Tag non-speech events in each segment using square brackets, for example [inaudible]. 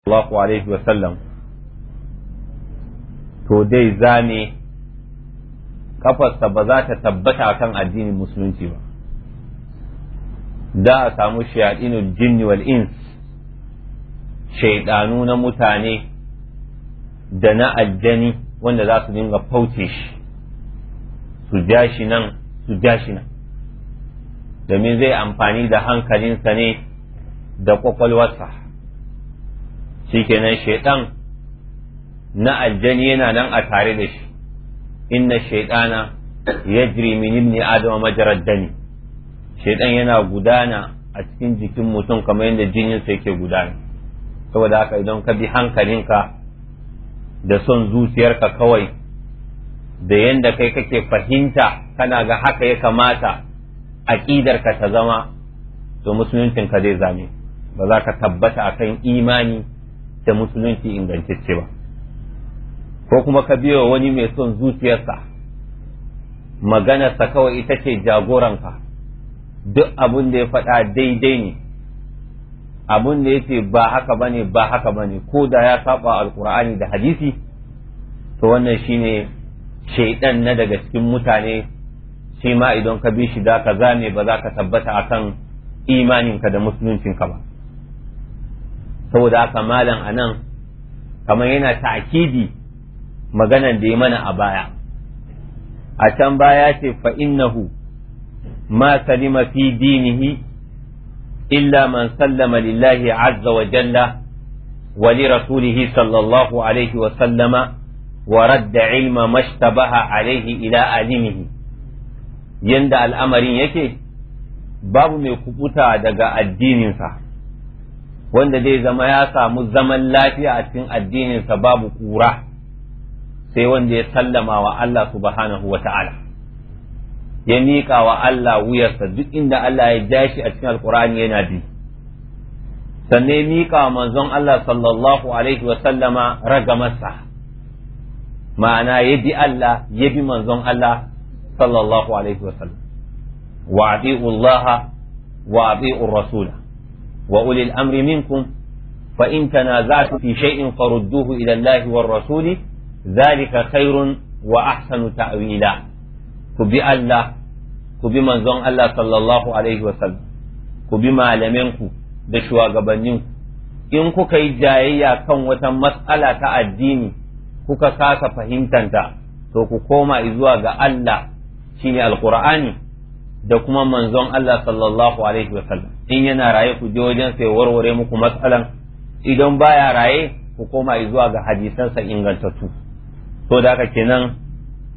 sallallahu alaihi wasallam to dai zane kafarsa ba za ta tabbata kan addinin musulunci ba Za a samu shayaɗinul jinni wal ins shaidanu na mutane da na aljani wanda za su dinga fauce shi su ja shi nan su ja shi nan domin zai amfani da hankalinsa ne da ƙwaƙwalwarsa shi kenan shaiɗan na aljani yana nan a tare da shi inna shaidana yajri min ibni adama majarad dani Shaiɗan yana gudana a cikin jikin mutum kamar yadda jininsa yake gudana saboda haka idan ka bi hankalinka da son zuciyarka kawai da yadda kai kake fahimta kana ga haka ya kamata aƙidarka ta zama to musuluncinka zai zame ba za ka tabbata akan imani da musulunci ingantacce ba ko kuma ka biyo wani mai son zuciyarsa maganarsa kawai ita ce jagoranka duk abin da ya faɗa daidai ne abin da ya ce ba haka ba ne ba haka ba ne ko da ya saba alkur'ani da hadisi to wannan shine shaidan na daga cikin mutane shi ma idan ka bi shi da ka zame ba za ka tabbata akan imaninka da musuluncinka ba saboda haka malam anan kamar yana ta'kidi maganan da ya mana a baya a can baya ce fa innahu ma salima fi dinihi illa man sallama lillahi azza wa jalla wa li rasulihi sallallahu alaihi wa sallama wa radda ilma mashtabaha alaihi ila alimihi yanda al'amarin yake babu mai kubuta daga addininsa wanda zai zama ya samu zaman lafiya a cikin addininsa babu kura sai wanda ya sallama wa Allah subhanahu wa ta'ala ya miƙa wa Allah wuyarsa duk inda Allah ya ja shi a cikin alkur'ani yana bi sannan ya miƙa wa manzon Allah sallallahu alaihi wa sallama ragamarsa ma'ana ya bi Allah ya bi manzon Allah sallallahu alaihi wa sallam wa Allah wa abi'ur rasula wa ulil amri minkum fa in tanaza'tu fi in farudduhu ila Allah war rasul zalika khairun wa ahsanu ta'wila ku bi Allah ku bi manzon Allah sallallahu alaihi wa sallam ku bi malamanku da shugabanninku in kuka yi jayayya kan wata matsala ta addini kuka kasa fahimtanta to ku koma zuwa ga Allah shine Alƙur'ani. da kuma manzon Allah sallallahu alaihi wa sallam in yana raye ku je wajen sai warware muku matsalan idan baya raye ku koma zuwa ga hadisansa ingantattu to da haka kenan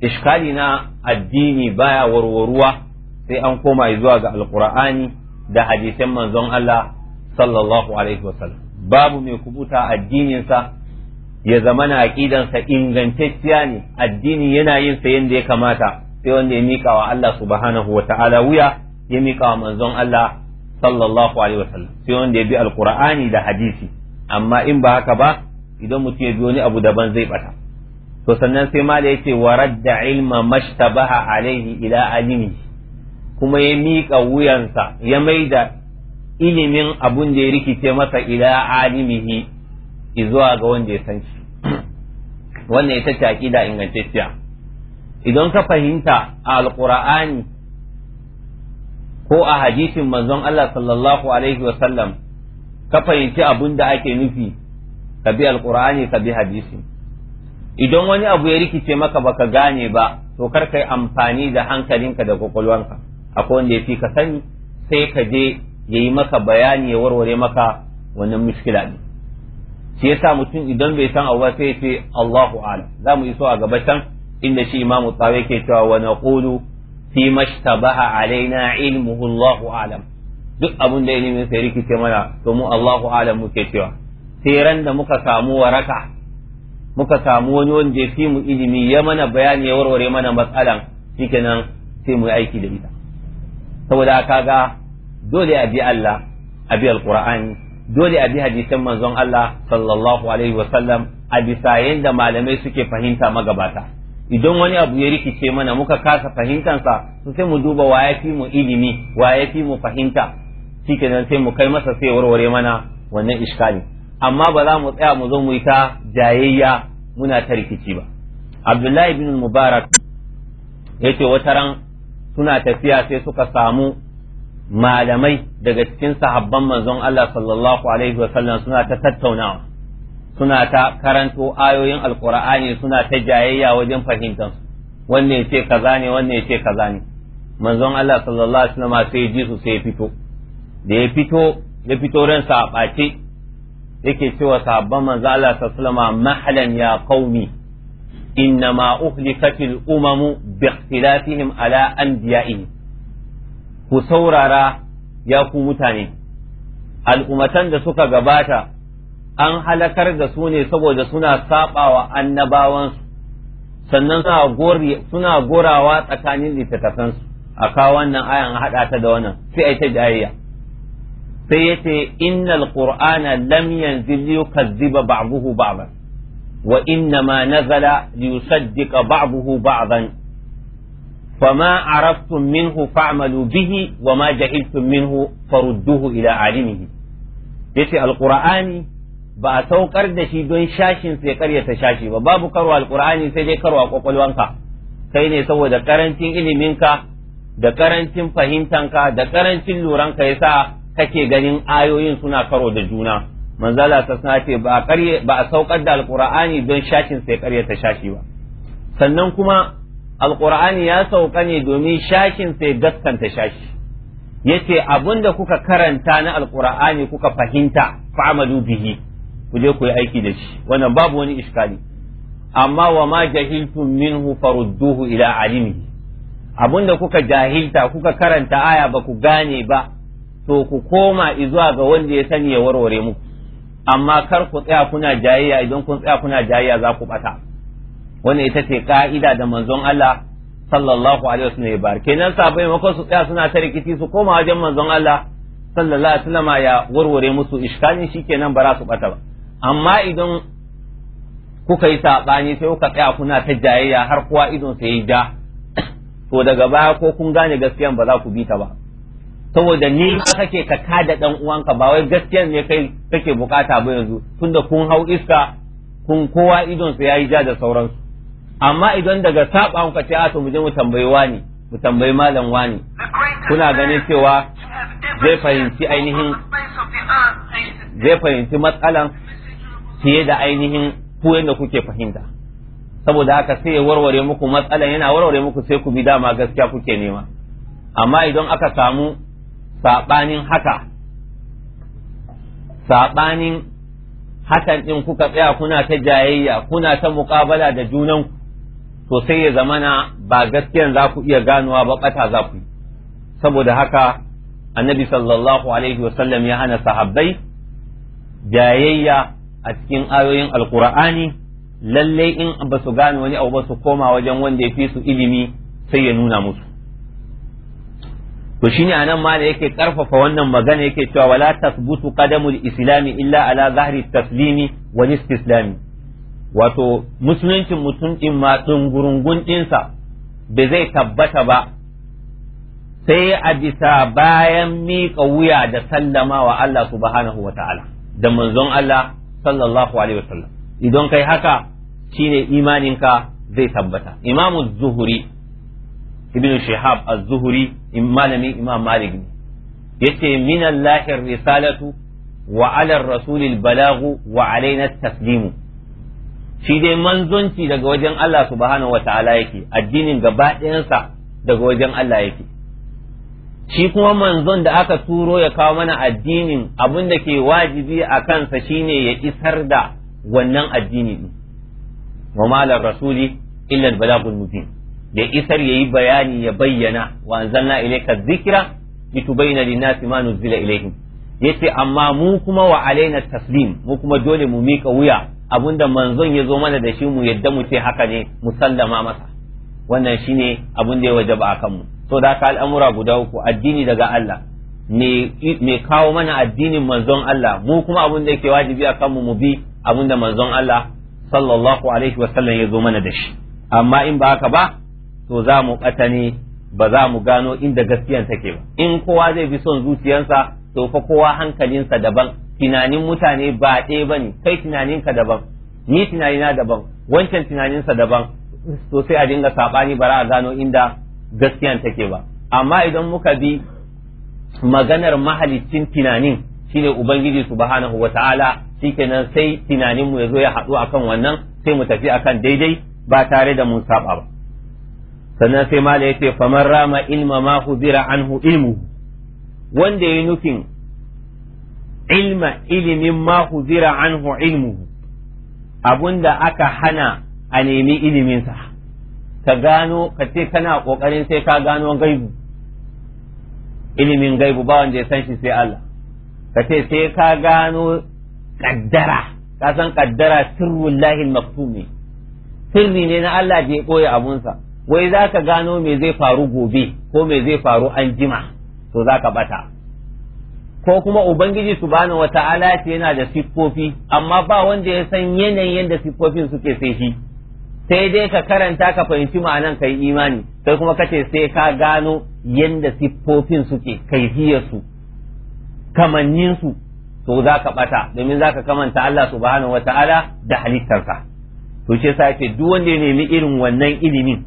iskali na addini baya warwaruwa sai an koma zuwa ga alqur'ani da hadisan manzon Allah sallallahu alaihi wa sallam babu mai kubuta addininsa ya zama na sa ingantacciya ne addini yana yin sa yadda ya kamata sai wanda ya miƙa wa Allah subhanahu wa ta'ala wuya ya miƙa wa manzon Allah sallallahu alaihi wasallam sai wanda ya bi alqur'ani da hadisi amma in ba haka ba idan mutum ya bi wani abu daban zai bata to sannan sai mala yace wa radda ilma mashtabaha alaihi ila alimi kuma ya miƙa wuyansa ya maida ilimin abun da ya rikice masa ila alimihi zuwa ga wanda ya sanci. shi wannan ita ce aqida ingantacciya idan ka fahimta a alqur'ani ko a hadisin manzon Allah sallallahu alaihi wasallam ka fahimci abin da ake nufi ka bi alqur'ani ka bi hadisi idan wani abu ya rikice maka baka gane ba to kar kai amfani da hankalinka da kwakwalwanka akwai wanda ya fi ka sani sai ka je yayi maka bayani ya warware maka wannan mushkila ne shi yasa mutum idan bai san abu sai ya ce Allahu a'lam za mu iso a gaba can inda shi imamu tsawe ke cewa wa naqulu fi mashtabaha alaina ilmuhu Allahu alam duk abin da ilimin sai rikice mana to mu Allahu alam muke cewa sai ran da muka samu waraka muka samu wani wanda ya fi mu ilimi ya mana bayani ya warware mana matsalan shikenan sai mu yi aiki da ita saboda ga dole a bi Allah a bi alqur'ani dole a bi hadisan manzon Allah sallallahu alaihi wa sallam a bisa yanda malamai suke fahimta magabata idan wani abu ya rikice mana muka kasa fahimtansa to sai mu duba wa ya fi mu ilimi wa ya fi mu fahimta shikenan sai mu kai masa sai warware mana wannan iskali amma ba za mu tsaya mu zo mu yi ta jayayya muna ta rikici ba abdullahi bin mubarak ce wata ran suna tafiya sai suka samu malamai daga cikin sahabban manzon Allah sallallahu alaihi wa sallam suna ta tattaunawa suna ta karanto ayoyin alkur'ani suna ta jayayya wajen fahimtar ya ce kaza ne ya ce kaza ne manzon Allah sallallahu alaihi wasallam sai ji su sai fito da ya fito ya fito ran sa bace yake cewa sahabban manzon Allah sallallahu alaihi mahalan ya qaumi innama uhlifatil umamu bi ikhtilafihim ala anbiya'ihim ku saurara ya ku mutane al'ummatan da suka gabata an halakar da su ne saboda suna sabawa annabawansu sannan suna gorawa tsakanin littattafansu a kawo wannan ayan haɗa ta da wannan sai ai ta jayayya sai yace innal qur'ana lam yanzil yukazziba ba'dahu ba'dan wa inna ma nazala liyusaddiqa ba'dahu ba'dan فما عرفتم منه فاعملوا به وما جهلتم منه فردوه إلى عالمه يتي القرآن ba a saukar da shi don shashin sai karyata shashi ba babu karo alqur'ani sai dai karwa kwakwalwanka kai ne saboda karancin iliminka da karancin fahimtanka da karancin luranka yasa kake ganin ayoyin suna karo da juna manzala ta sana ce ba a saukar da alqur'ani don shashin sai karyata shashi ba sannan kuma alqur'ani ya sauka ne domin shashin sai gaskanta shashi yace abinda kuka karanta na alqur'ani kuka fahimta fa'amalu bihi ku je ku yi aiki da shi wannan babu wani iskali amma wa ma jahiltum minhu farudduhu ila alimi abinda kuka jahilta kuka karanta aya ba ku gane ba to ku koma izuwa ga wanda ya sani ya warware muku amma kar ku tsaya kuna jayayya idan kun tsaya kuna jayayya za ku bata wannan ita ce ka'ida da manzon Allah sallallahu alaihi wasallam ya bar kenan sabai su tsaya suna ta rikici su koma wajen manzon Allah sallallahu alaihi wasallam ya warware musu iskalin shikenan ba za su bata ba amma idan kuka yi saɓani sai kuka tsaya kuna ta jayayya har kowa idon sai ya ja to daga baya ko kun gane gaskiyan ba za ku bi ta ba saboda ni kake ka kada dan uwanka ba wai gaskiyan ne kai kake bukata ba yanzu tunda kun hau iska kun kowa idon sa yayi ja da sauransu amma idan daga saba kuka ce a to mu je mu tambayi wani mu tambayi malam wani kuna ganin cewa zai fahimci ainihin zai fahimci matsalan fiye da ainihin ku yadda kuke fahimta saboda haka sai ya warware muku matsala yana warware muku sai ku bi dama gaskiya kuke nema amma idan aka samu saɓanin haka saɓanin hakan ɗin kuka tsaya kuna ta jayayya kuna ta muƙabala da junanku to sai ya zamana ba gaskiyan za ku iya ganowa ba ɓata za ku yi saboda haka annabi sallallahu alaihi wasallam ya hana sahabbai jayayya a cikin ayoyin alkur'ani lallai in ba su gane wani abu ba su koma wajen wanda ya fi su ilimi sai ya nuna musu to ne anan ma da yake karfafa wannan magana yake cewa wala tasbutu qadamul islami illa ala zahri taslimi wal istislami wato musulunci mutum din ma dungurungun dinsa bai zai tabbata ba sai a bisa bayan miƙa wuya da sallama wa Allah subhanahu wa ta'ala da manzon Allah sallallahu alaihi wasallam idan kai haka shine imaninka zai tabbata imamu zuhuri ibn shihab az-zuhuri malami imam malik ne yace min allahi risalatu wa ala rasulil balagu wa alaina taslimu shi dai manzonci daga wajen Allah subhanahu wa ta'ala yake addinin gaba ɗayansa daga wajen Allah yake shi kuma manzon da aka turo ya kawo mana addinin abin da ke wajibi a kansa shine ya isar da wannan addini din wa malar rasuli illa albalagul mubin da isar yayi bayani ya bayyana wa anzalna ilayka dhikra litubayyana lin ma nuzila ilayhim yace amma mu kuma wa alaina taslim mu kuma dole mu mika wuya abinda manzon ya zo mana da shi mu yadda mu ce haka ne mu sallama masa wannan shine abin da ya wajaba a kanmu. to da ka al'amura guda uku addini daga Allah me kawo mana addinin manzon Allah mu kuma abin da yake wajibi akan mu, mu bi abin da manzon Allah sallallahu alaihi wa sallam ya zo mana da shi amma in ba haka ba to za mu ba za mu gano inda gaskiyan take ba in kowa zai bi son zuciyansa to fa kowa hankalinsa daban tunanin mutane ba ɗaya ba kai tunaninka daban ni tunanina daban wancan tunaninsa daban to a dinga saɓani bara a gano inda gaskiyan take ba amma idan muka bi maganar mahalicin tunanin shine ubangiji subhanahu wataala shikenan sai tunanin mu yazo ya haɗu akan wannan sai mu tafi akan daidai ba tare da mun saba ba sannan sai mala yace faman rama ilma ma hudira anhu ilmu wanda ya nufin ilma ilimin ma hudira anhu ilmu abunda aka hana a nemi iliminsa ka gano ka ce kana kokarin sai ka gano gaibu ilimin gaibu ba wanda ya san shi sai Allah ka ce sai ka gano kaddara ka san kaddara sirrul lahil maktumi sirri ne na Allah da ya koya abunsa wai za ka gano me zai faru gobe ko me zai faru an jima to za ka bata ko kuma ubangiji subhanahu wata'ala ce yana da siffofi amma ba wanda ya san yanayin yadda siffofin suke sai shi sai dai ka karanta ka fahimci ma'anan kai imani sai kuma kace sai ka gano yadda siffofin suke kaifiyarsu kamanninsu to za ka bata domin za ka kamanta Allah subhanahu Ta'ala da halittarsa to shi yasa yace duk wanda ya nemi irin wannan ilimin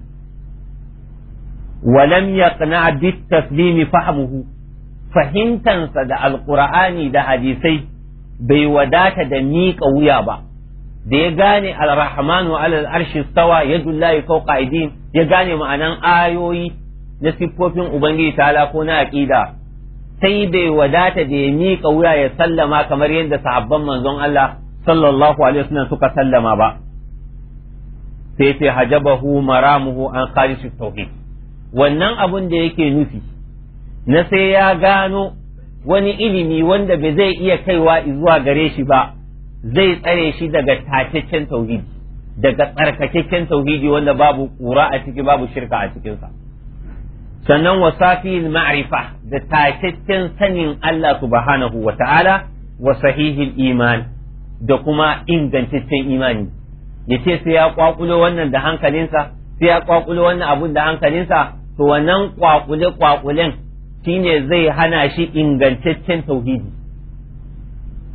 walam yaqna bit taslimi fahmuhu fahimtansa da alqur'ani da hadisai bai wadata da miƙa wuya ba da ya gane al-rahmanu alal arshi stawa yadullahi fawqa aydin ya gane ma'anan ayoyi na siffofin ubangiji ta'ala ko na aqida sai bai wadata da ya miƙa wuya ya sallama kamar yadda sahabban manzon Allah sallallahu alaihi wasallam suka sallama ba sai sai hajabahu maramuhu an khalis tauhid wannan abun da yake nufi na sai ya gano wani ilimi wanda bai zai iya kaiwa zuwa gare shi ba zai tsare shi daga tataccen tauhidi daga tsarkakakken tauhidi wanda babu kura a ciki babu shirka a cikinsa sannan wasafil ma'rifa da tataccen sanin Allah subhanahu wa ta'ala wa sahihin iman da kuma ingantaccen imani ya ce sai ya kwakulo wannan da hankalinsa sai ya kwakulo wannan abun da hankalinsa to wannan kwakule kwakulen shine zai hana shi ingantaccen tauhidi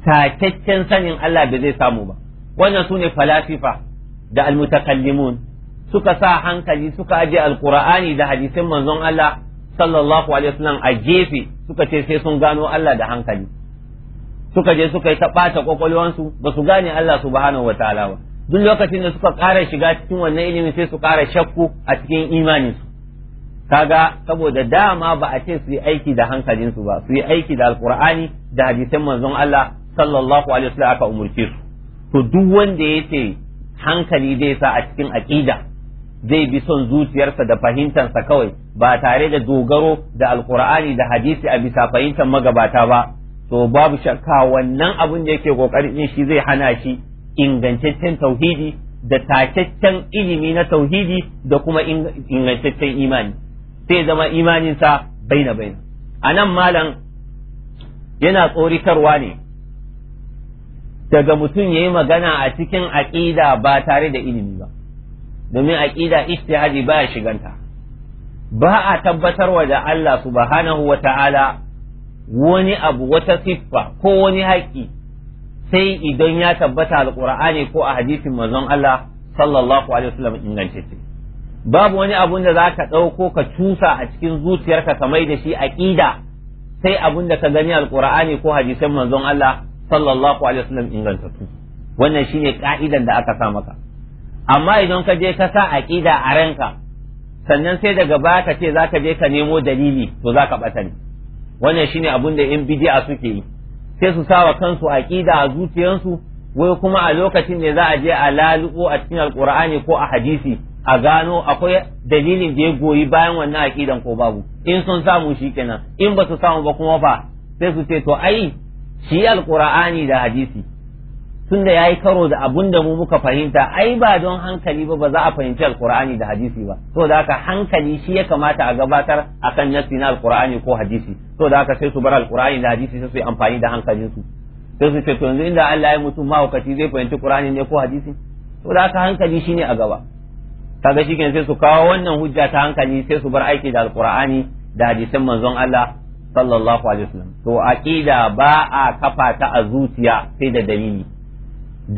takakken sanin Allah da zai samu ba wannan sune falasifa da almutakallimun suka sa hankali suka aje alqur'ani da hadisin manzon Allah sallallahu alaihi wasallam a gefe suka ce sai sun gano Allah da hankali suka je suka yi ta ɓata kwakwalwansu ba su gane Allah subhanahu wataala ba duk lokacin da suka ƙara shiga cikin wannan ilimi sai su ƙara shakku a cikin imaninsu kaga saboda dama ba a ce su yi aiki da hankalinsu ba su yi aiki da alkur'ani da hadisan manzon Allah sallallahu alaihi wasallam aka umurce su to duk wanda yace hankali zai sa a cikin aqida zai bi son zuciyarsa da fahimtansa kawai ba tare da dogaro da alkur'ani da hadisi a bisa fahimtar magabata ba to babu shakka wannan abin da yake kokarin yin shi zai hana shi ingantaccen tauhidi da tacaccen ilimi na tauhidi da kuma ingantaccen imani sai zama imaninsa baina baina anan anan malam yana tsoritarwa ne daga mutum ya yi magana a cikin aƙida ba tare da ilimi ba domin aƙida ijtihadi ba ya shiganta ba a tabbatarwa da Allah subhanahu wa ta'ala wani abu wata siffa ko wani haƙƙi sai idan ya tabbata alƙur'ani ko a hadisin mazan Allah sallallahu alaihi wasallam ingantacce babu wani abun da za ka ɗauko ka cusa a cikin zuciyarka ka mai da shi aƙida sai abun da ka gani alƙur'ani ko hadisin manzon Allah sallallahu alaihi wasallam ingantattu wannan shine ka'idan da aka sa maka amma idan ka je ka sa aqida a ranka sannan sai daga baya ka ce zaka je ka nemo dalili to zaka bata ne wannan shine abun da yan bid'a suke yi sai su sawa kansu aqida a zuciyansu wai kuma a lokacin ne za a je a laluko a cikin alqur'ani ko a hadisi a gano akwai dalilin da ya goyi bayan wannan aqidan ko babu in sun samu kenan in ba su samu ba kuma fa sai su ce to ai shi alqur'ani da hadisi tunda yayi karo da abun da mu muka fahimta ai ba don hankali ba ba za a fahimci alqur'ani da hadisi ba to da haka hankali shi ya kamata a gabatar akan nassi na alqur'ani ko hadisi to da haka sai su bar alqur'ani da hadisi sai su yi amfani da hankalin su sai su ce to yanzu inda Allah ya mutum mahaukaci zai fahimci qur'ani ne ko hadisi to da haka hankali shi ne a gaba kaga shi sai su kawo wannan hujja ta hankali sai su bar aiki da alqur'ani da hadisin manzon Allah sallallahu alaihi wasallam to aqida ba a kafa ta a zuciya sai da dalili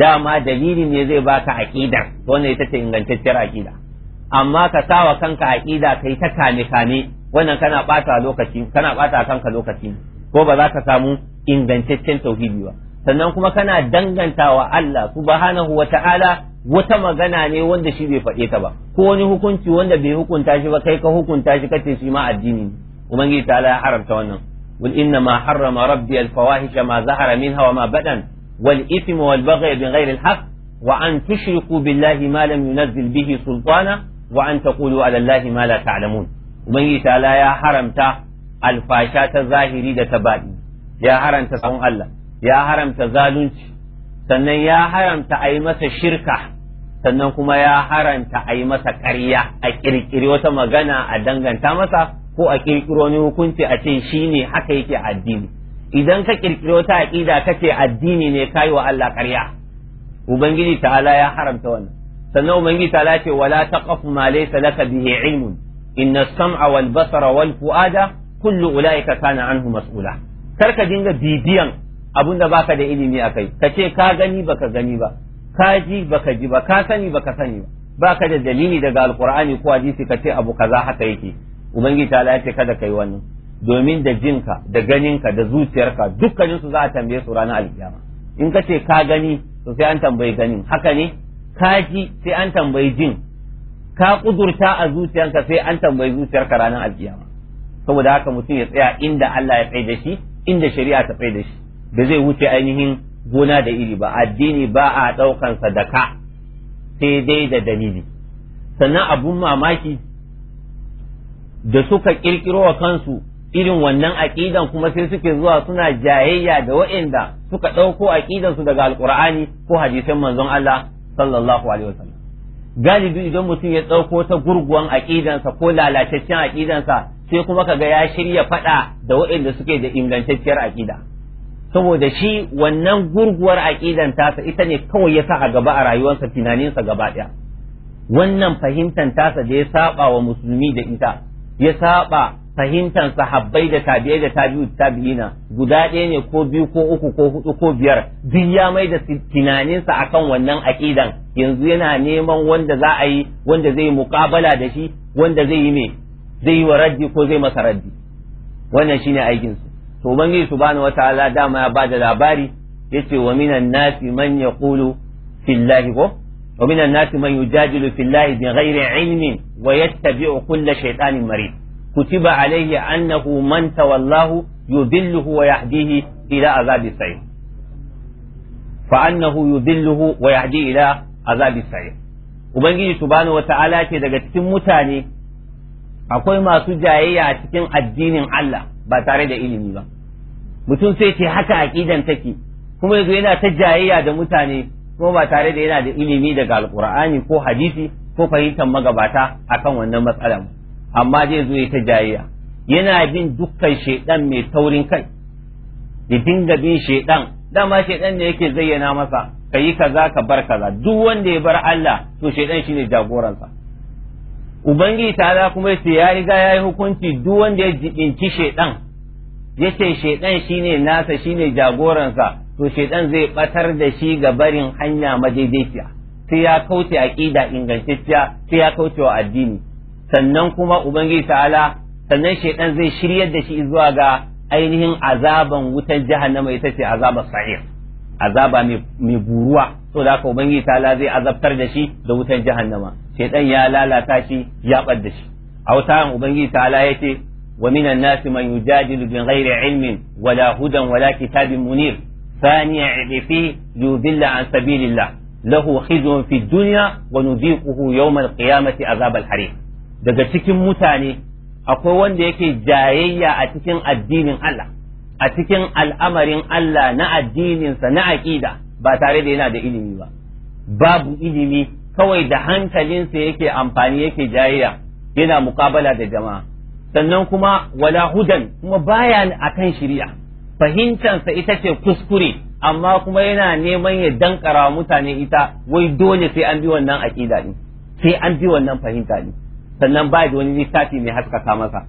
dama dalili ne zai baka aqida wannan ita ce ingantacciyar aqida amma ka sawa kanka aqida kai ta kane-kane wannan kana bata lokaci kana bata kanka lokaci ko ba za ka samu ingantaccen tauhidi ba sannan kuma kana wa Allah subhanahu wa ta'ala wata magana ne wanda shi bai faɗe ta ba ko wani hukunci wanda bai hukunta shi ba kai ka hukunta shi kace shi ma addini ubangiji ta ya haramta wannan wal inna ma harrama rabbi al fawahisha ma zahara minha wa ma badan wal ithma wal baghy bi al haqq wa an tushriku billahi ma lam yunzil bihi sultana wa an taqulu ala allahi ma la ta'lamun ubangiji ta ya haramta alfasha ta zahiri da ta baɗi ya haramta sabon Allah ya haramta zalunci sannan ya haramta a yi masa shirka sannan kuma ya haramta a yi masa ƙarya a ƙirƙiri wata magana a danganta masa ko a kirkiro ne hukunci a ce shi ne haka yake addini idan ka kirkiro ta aƙida ka ce addini ne kayi wa Allah ƙarya ubangiji ta'ala ya haramta wannan sannan ubangiji ta'ala ce wala taqaf ma laysa laka bihi ilmun inna sam'a wal basara wal fuada kullu ulaika kana anhu mas'ula kar ka dinga bibiyan abun da baka da ilimi akai ka ce ka gani baka gani ba ka ji baka ji ba ka sani baka sani ba baka da dalili daga alqur'ani ko hadisi ka ce abu kaza haka yake ubangiji ta ya ce kada kai wannan domin da jinka da ganinka da zuciyarka dukkanin su za a tambaye su ranar alkiyama in ka ce ka gani to sai an tambayi ganin haka ne ka ji sai an tambayi jin ka kudurta a zuciyarka sai an tambayi zuciyarka ranar alkiyama saboda haka mutum ya tsaya inda Allah ya tsaye da shi inda shari'a ta tsaye da shi da zai wuce ainihin gona da iri ba addini ba a ɗaukan sadaka sai dai da dalili sannan abun mamaki da suka kirkiro wa kansu irin wannan aqidan kuma sai suke zuwa suna jayayya da wa'inda suka ɗauko aqidansu daga alqur'ani ko hadisan manzon Allah sallallahu alaihi wasallam galibi idan mutum ya ɗauko ta gurguwan aqidansa ko lalataccen aqidansa sai kuma kaga ya shirya faɗa da wa'inda suke da ingantacciyar aqida saboda shi wannan gurguwar aqidan tasa ita ne kawai ya sa a gaba a rayuwarsa tunaninsa gaba ɗaya wannan fahimtar tasa da ya saba wa musulmi da ita ya saba fahimtar sahabbai da tabi'ai da tabi'u tabi'ina guda ɗaya ne ko biyu ko uku ko hudu ko biyar duk ya mai da tunaninsa akan wannan aqidan yanzu yana neman wanda za a yi wanda zai muƙabala da shi wanda zai yi me zai yi wa raddi ko zai masa raddi wannan shine aikin su to ubangiji subhanahu wataala dama ya bada labari yace wa minan nasi man yaqulu fillahi ko ومن الناس من يجادل في الله بغير kulla ويتبع كل شيطان مريض كتب عليه أنه من تولاه يذله ويهديه إلى عذاب السعير فأنه يذله ويهديه إلى عذاب السعير Ubangiji subhanahu wata'ala ce daga cikin mutane akwai masu jayayya a cikin addinin Allah ba tare da ilimi ba mutum sai ce haka aqidan take kuma yanzu yana ta jayayya da mutane ko ba tare da yana da ilimi daga alkur'ani ko hadisi ko fahimtar magabata akan wannan matsalar amma zai zo ya ta jayayya yana bin dukkan shaidan mai taurin kai ya dinga bin shaidan dama shaidan ne yake zayyana masa ka yi kaza ka bar kaza duk wanda ya bar Allah to shaidan shine jagoransa ubangiji ta'ala kuma yace ya riga ya yi hukunci duk wanda ya jibinci shaidan yace shaidan shine nasa shine jagoransa to shaidan zai batar da shi ga barin hanya madaidaiciya sai ya kauce aqida ingantacciya sai ya kauce wa addini sannan kuma ubangiji ta'ala sannan shaidan zai shiryar da shi zuwa ga ainihin azaban wutan jahannama ita ce azabar sa'ir azaba mai buruwa to da haka ubangiji ta'ala zai azabtar da shi da wutan jahannama shaidan ya lalata shi ya bar shi a wata ubangiji ta'ala yace ومن الناس من يجادل بغير علم ولا هدى ولا كتاب منير ثاني عرفه يضل عن سبيل الله له خزي في الدنيا ونذيقه يوم القيامة عذاب الحريق daga cikin mutane akwai wanda yake jayayya a cikin addinin Allah a cikin al'amarin Allah na addininsa na aƙida ba tare da yana da ilimi ba babu ilimi kawai da hankalinsa yake amfani yake jayayya yana muƙabala da jama'a sannan kuma wala hudan kuma baya akan shari'a fahimtansa ita ce kuskure amma kuma yana neman ya dankara mutane ita wai dole sai an bi wannan aƙida ne sai an bi wannan fahimta ne sannan ba da wani littafi mai haskaka masa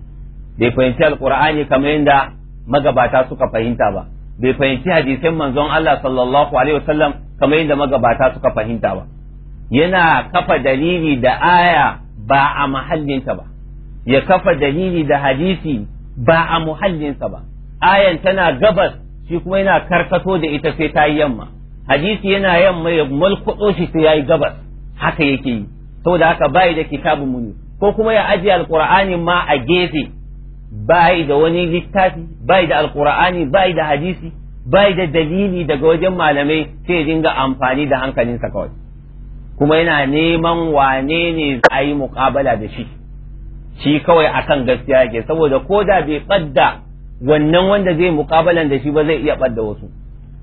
bai fahimci alqur'ani kamar yadda magabata suka fahimta ba bai fahimci hadisin manzon Allah sallallahu alaihi wasallam kamar yadda magabata suka fahimta ba yana kafa dalili da aya ba a mahallinta ba ya kafa dalili da hadisi ba a muhallinsa ba ayan tana gabas shi kuma yana karkato da ita sai ta yi yamma hadisi yana yamma ya mulkudo shi sai ya yi gabas haka yake yi saboda haka bai da kitabun muni ko kuma ya ajiye alqur'ani ma a gefe bai da wani littafi bai da alqur'ani bai da hadisi bai da dalili daga wajen malamai sai dinga amfani da hankalinsa kawai kuma yana neman wane ne a yi muƙabala da shi shi kawai akan gaskiya yake saboda ko da bai ƙadda wannan wanda zai mukabalan da shi ba zai iya ɓadda wasu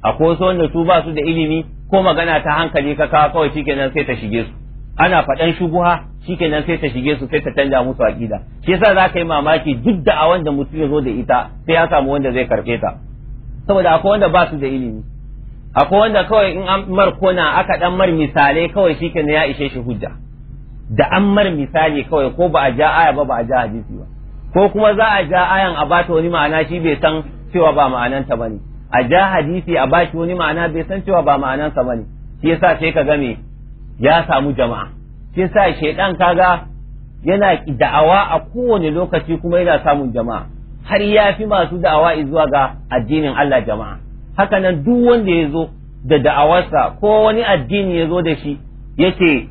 akwai wasu wanda su ba su da ilimi ko magana ta hankali ka kawo kawai shikenan sai ta shige su ana faɗan shubuha shikenan sai ta shige su sai ta canja musu aƙida shi yasa za ka yi mamaki duk da a wanda mutum ya zo da ita sai ya samu wanda zai karɓe ta saboda akwai wanda ba su da ilimi akwai wanda kawai in an mar kona aka dan mar misalai kawai shikenan ya ishe shi hujja da an mar misali kawai ko ba a ja aya ba ba a ja hadisi ba ko kuma za a ja ayan a bata wani ma'ana shi bai san cewa ba ma'ananta bane a ja hadisi a bashi wani ma'ana bai san cewa ba ma'anansa bane shi yasa sai ka ga me ya samu jama'a shi yasa shedan kaga yana da'awa a kowane lokaci kuma yana samun jama'a har ya fi masu da'awa zuwa ga addinin Allah jama'a haka nan duk wanda ya zo da da'awarsa ko wani addini ya zo da shi yake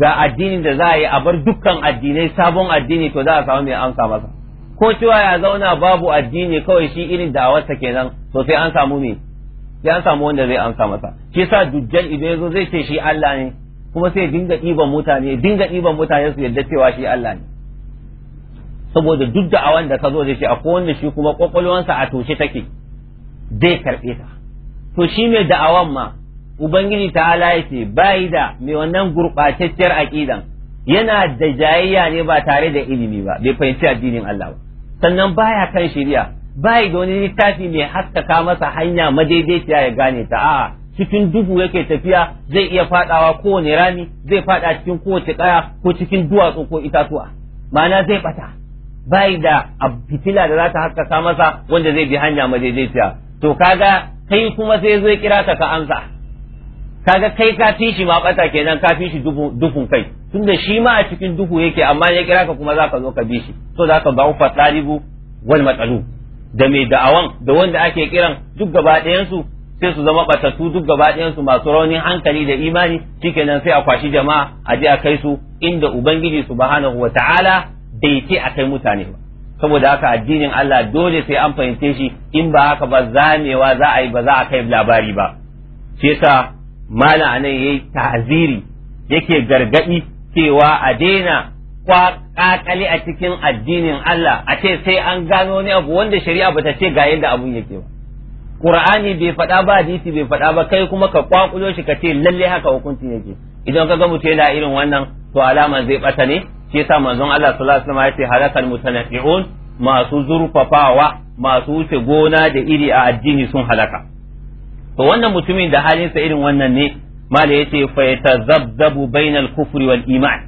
ga addinin da za a yi a bar dukkan addinai sabon addini to za a samu mai amsa masa ko cewa ya zauna babu addini kawai shi irin da'awarsa kenan to sai an samu me sai an samu wanda zai amsa masa shi yasa dujjal idan yazo zai ce shi Allah ne kuma sai dinga ɗiban mutane dinga diban mutane su yadda cewa shi Allah ne saboda duk da'awan da ka zo da shi akwai wanda shi kuma kwakwalwansa a toshe take zai karɓe ta to shi mai da'awan ma ubangiji ta'ala yake bayi da mai wannan gurɓatacciyar aƙidan yana da jayayya ne ba tare da ilimi ba bai fahimci addinin Allah ba sannan baya kan shari'a bai da wani littafi mai haskaka masa hanya madaidaiciya ya gane ta a'a cikin duhu yake tafiya zai iya fadawa kowane rami zai fada cikin kowace kaya ko cikin duwatsu ko itatuwa ma'ana zai bata bai da fitila da za ta haskaka masa wanda zai bi hanya madaidaiciya to kaga kai kuma sai zai kira ka ka amsa kaga kai ka fi shi ma bata kenan ka fi shi duhun kai tunda shi ma a cikin duhu yake amma ya kira ka kuma zaka zo ka bi shi to zaka ba fa talibu wal matalu da mai da'awan da wanda ake kiran duk gaba su sai su zama batattu duk gaba ɗayan su masu raunin hankali da imani shikenan sai a kwashi jama'a a je a kai su inda ubangiji subhanahu wata'ala bai ce a kai mutane ba saboda haka addinin Allah dole sai an fahimce shi in ba haka ba zamewa za a yi ba za a kai labari ba shi yasa mala anan yayi ta'ziri yake gargadi cewa a daina kakali a cikin addinin Allah a ce sai an gano ne abu wanda shari'a bata ce ga yadda abun yake ba Qur'ani bai faɗa ba hadisi bai faɗa ba kai kuma ka kwakulo shi ka ce lalle haka hukuncin yake idan ka ga mutum yana irin wannan to alama zai bata ne shi yasa manzon Allah sallallahu alaihi wasallam ya ce halakal mutanaffi'un masu zurfafawa masu wuce gona da iri a addini sun halaka to wannan mutumin da halinsa irin wannan ne mala yace fa yatazabzabu bainal kufri wal iman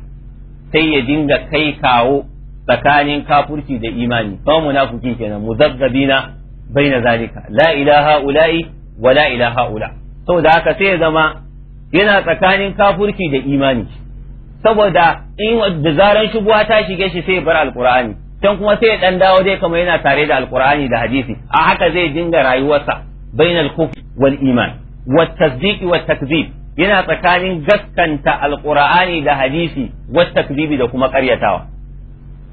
sai ya dinga kai kawo tsakanin kafurci da imani fa munafiki kenan muzabbina baina zalika la ilaha ula'i wa la ilaha ula saboda haka sai ya zama yana tsakanin kafurci da imani saboda in da zaran shubuwa ta shige shi sai bar alqur'ani can kuma sai ya dan dawo dai kamar yana tare da alqur'ani da hadisi a haka zai dinga rayuwarsa bainal kufri wal iman wat tasdiqi wat takzib yana tsakanin gaskanta alqur'ani da hadisi wat takzibi da kuma karyatawa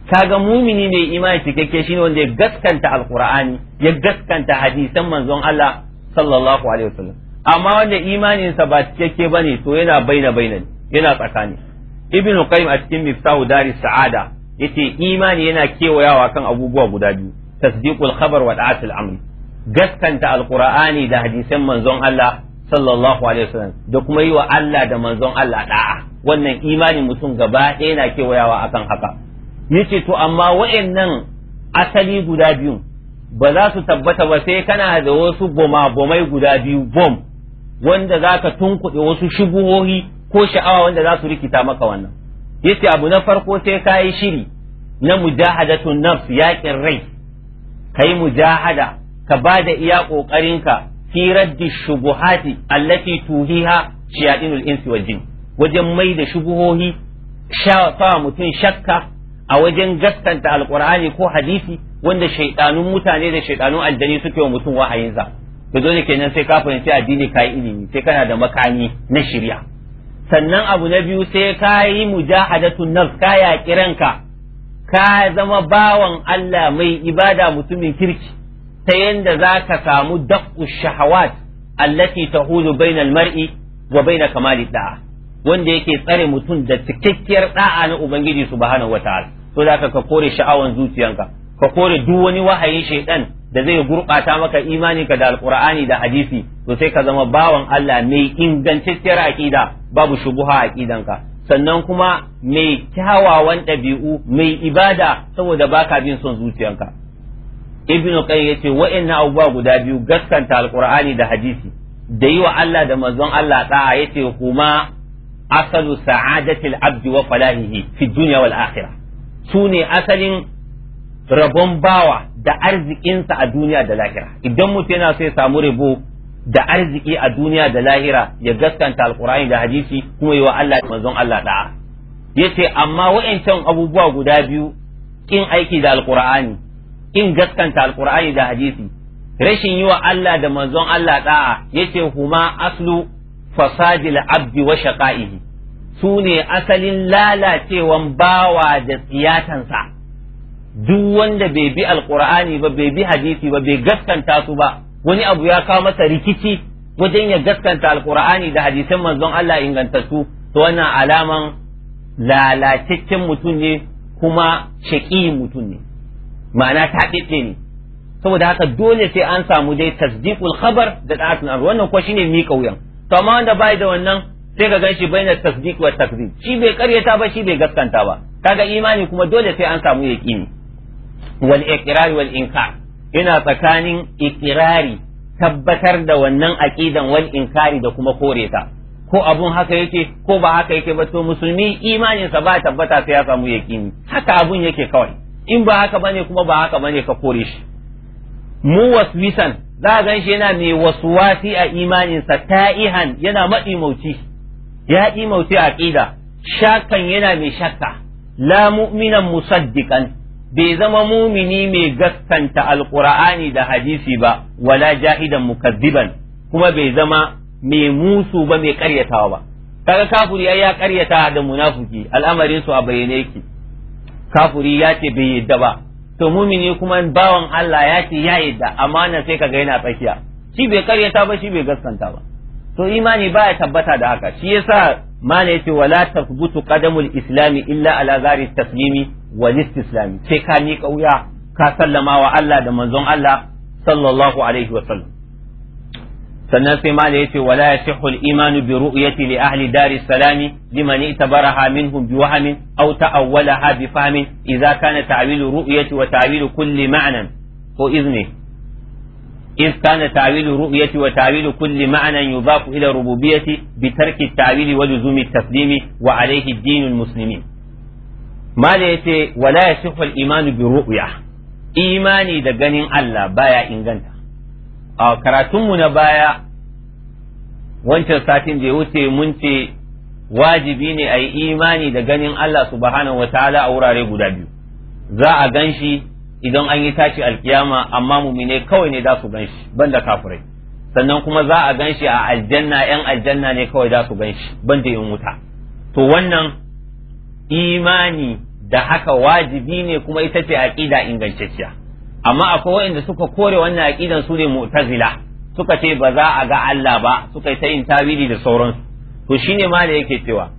kaga mumini mai imani cikakke shine wanda ya gaskanta alqur'ani ya gaskanta hadisan manzon Allah sallallahu alaihi wasallam amma wanda imaninsa ba cikakke bane to yana baina baina yana tsakani ibnu qayyim a cikin miftahu dari sa'ada yace imani yana kewayawa kan abubuwa guda biyu tasdiqul khabar wa da'atul amri gaskanta alqur'ani da hadisan manzon Allah sallallahu alaihi wasallam da kuma yi wa Allah da manzon Allah da'a wannan imani mutum gaba ɗaya na kewayawa akan haka yace to amma wa'annan asali guda biyu ba za su tabbata ba sai kana da wasu boma-bomai guda biyu bom wanda za ka tunkuɗe wasu shubuhohi ko sha'awa wanda za su rikita maka wannan yace abu na farko sai ka yi shiri na mujahadatun nafs yaƙin rai kai mujahada ka ba da iya ƙoƙarinka fi raddi shubuhati allati tuhiha shiyadinul insi wal jin wajen mai da shubuhohi shafa mutum shakka a wajen gaskanta Alƙur'ani ko hadisi wanda shaiɗanun mutane da shaiɗanun aljani suke wa mutum wahayinsa to dole kenan sai ka fahimci addini kai ilimi sai kana da makami na shirya sannan abu na biyu sai ka yi mujahadatun nafs ka yaƙi ranka ka zama bawan Allah mai ibada mutumin kirki ta yanda za ka samu dafu shahawat allati tahulu bainal mar'i wa baina kamali da'a wanda yake tsare mutum da cikakkiyar da'a na ubangiji subhanahu wataala to za ka kore sha'awan zuciyanka ka kore duk wani wahayin shaydan da zai gurɓata maka imani ka da alqur'ani da hadisi to sai ka zama bawan Allah mai ingantacciyar aqida babu shubuha aqidanka sannan kuma mai kyawawan ɗabi'u mai ibada saboda baka bin son zuciyanka ibn qayyim yace wa'annan abubuwa guda biyu gaskanta alqur'ani da hadisi da yi wa Allah da manzon Allah da'a yace kuma asalu sa'adatil abdi wa falahihi fi dunya wal akhirah sune asalin rabon bawa da arzikinsa a duniya da lahira idan mutum yana so ya samu rabo da arziki a duniya da lahira ya gaskanta alqur'ani da hadisi kuma yi wa Allah da manzon Allah da'a yace amma wa'ancan abubuwa guda biyu kin aiki da alqur'ani in gaskanta alqur'ani da hadisi rashin yi wa Allah da manzon Allah da'a yace huma aslu fasadil abdi wa shaqa'ihi su ne asalin lalacewan bawa da tsiyatansa duk wanda bai bi alqur'ani ba bai bi hadisi ba bai gaskanta su ba wani abu ya kawo masa rikici wajen ya gaskanta alqur'ani da hadisan manzon Allah ingantattu to wannan alaman lalacaccen mutum ne kuma shaƙi mutum ne ma'ana ta ɗiɗɗe ne saboda haka dole sai an samu dai tasdiqul khabar da da'atun amr wannan ko shine mika wuyan to amma wanda bai da wannan sai ka ganshi baina tasdiq wa takzib shi bai karyata ba shi bai gaskanta ba kaga imani kuma dole sai an samu yaqini wal iqrar wal inkar yana tsakanin iqrari tabbatar da wannan aqidan wal inkari da kuma kore ta ko abun haka yake ko ba haka yake ba to musulmi imaninsa ba tabbata sai ya samu yaqini haka abun yake kawai in ba haka bane kuma ba haka bane ka kore shi mu waswisan za a gan shi yana mai waswasi a imaninsa ta'ihan yana maɗimauci ya ɗimauci a ƙida shakan yana mai shakka la mu'minan musaddiqan bai zama mumini mai gaskanta alqur'ani da hadisi ba wala jahidan mukazziban kuma bai zama mai musu ba mai karyatawa ba kaga kafiri ai ya karyata da munafiki al'amarin su a bayyane yake kafuri ya ce bai yadda ba to mumini kuma bawan Allah ya ce ya yadda amana sai kaga yana tsakiya shi bai karyata ba shi bai gaskanta ba to imani baya tabbata da haka shi yasa mana yace wala tasbutu qadamul islami illa ala zari taslimi wa istislami sai ka miƙa wuya ka sallama wa Allah da manzon Allah sallallahu alaihi wa sannan sai ma da yace wala yasihhu iman bi ru'yati li ahli dar salami liman itabaraha minhum bi wahmin aw ta'awwalaha bi fahmin idza kana ta'wilu ru'yati wa ta'wilu kulli ma'nan ko izni إذ كان تعويل الرؤية وتعويل كل معنى يضاف إلى الربوبية بترك التعويل ولزوم التسليم وعليه الدين المسلمين ما ليتي ولا يصح الإيمان بالرؤية إيماني دقن الله بايا إنغنتا a karatunmu na baya wancan satin da ya wuce mun ce wajibi ne a yi imani da ganin Allah subhanahu wataala a wurare guda biyu za a gan shi idan an yi tashi alkiyama amma mumine kawai ne za su gan shi da kafirai sannan kuma za a gan shi a aljanna yan aljanna ne kawai za su gan shi da yin wuta to wannan imani da haka wajibi ne kuma ita ce aqida ingantacciya amma akwai waɗanda suka kore wannan aqidan su ne mu'tazila suka ce ba za a ga Allah ba suka yi ta yin tawili da sauransu to shine ma da yake cewa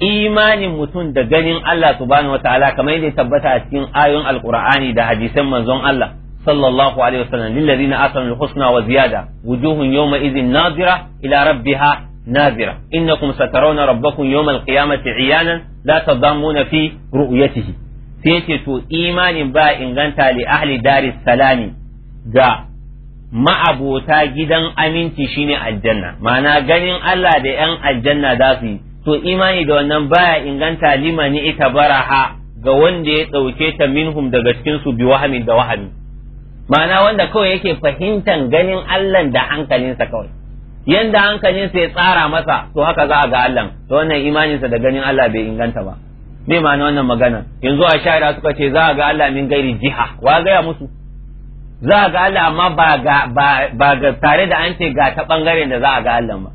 imanin mutum da ganin Allah subhanahu wataala kamar yadda tabbata a cikin ayoyin alqur'ani da hadisan manzon Allah sallallahu alaihi wasallam lil asanu husna wa ziyada wujuhun yawma idhin nazira ila rabbiha nazira innakum satarawna rabbakum yawma al iyanan la tadamuna fi ru'yatihi sai ce to imanin ba inganta li ahli daris salami ga ma'abota gidan aminci shine aljanna ma'ana ganin Allah da yan aljanna za su yi to imani da wannan baya inganta limani ita baraha ga wanda ya ɗauke ta minhum daga cikin su bi wahamin da wahami ma'ana wanda kawai yake fahimtan ganin Allah da hankalinsa kawai yanda hankalinsa ya tsara masa to haka za a ga Allah to wannan imaninsa da ganin Allah bai inganta ba me ma'ana wannan magana yanzu a sha'ira suka ce za a ga Allah min gairi jiha wa gaya musu za a ga Allah amma ba ga tare da an ce ga ta bangaren da za a ga Allah ba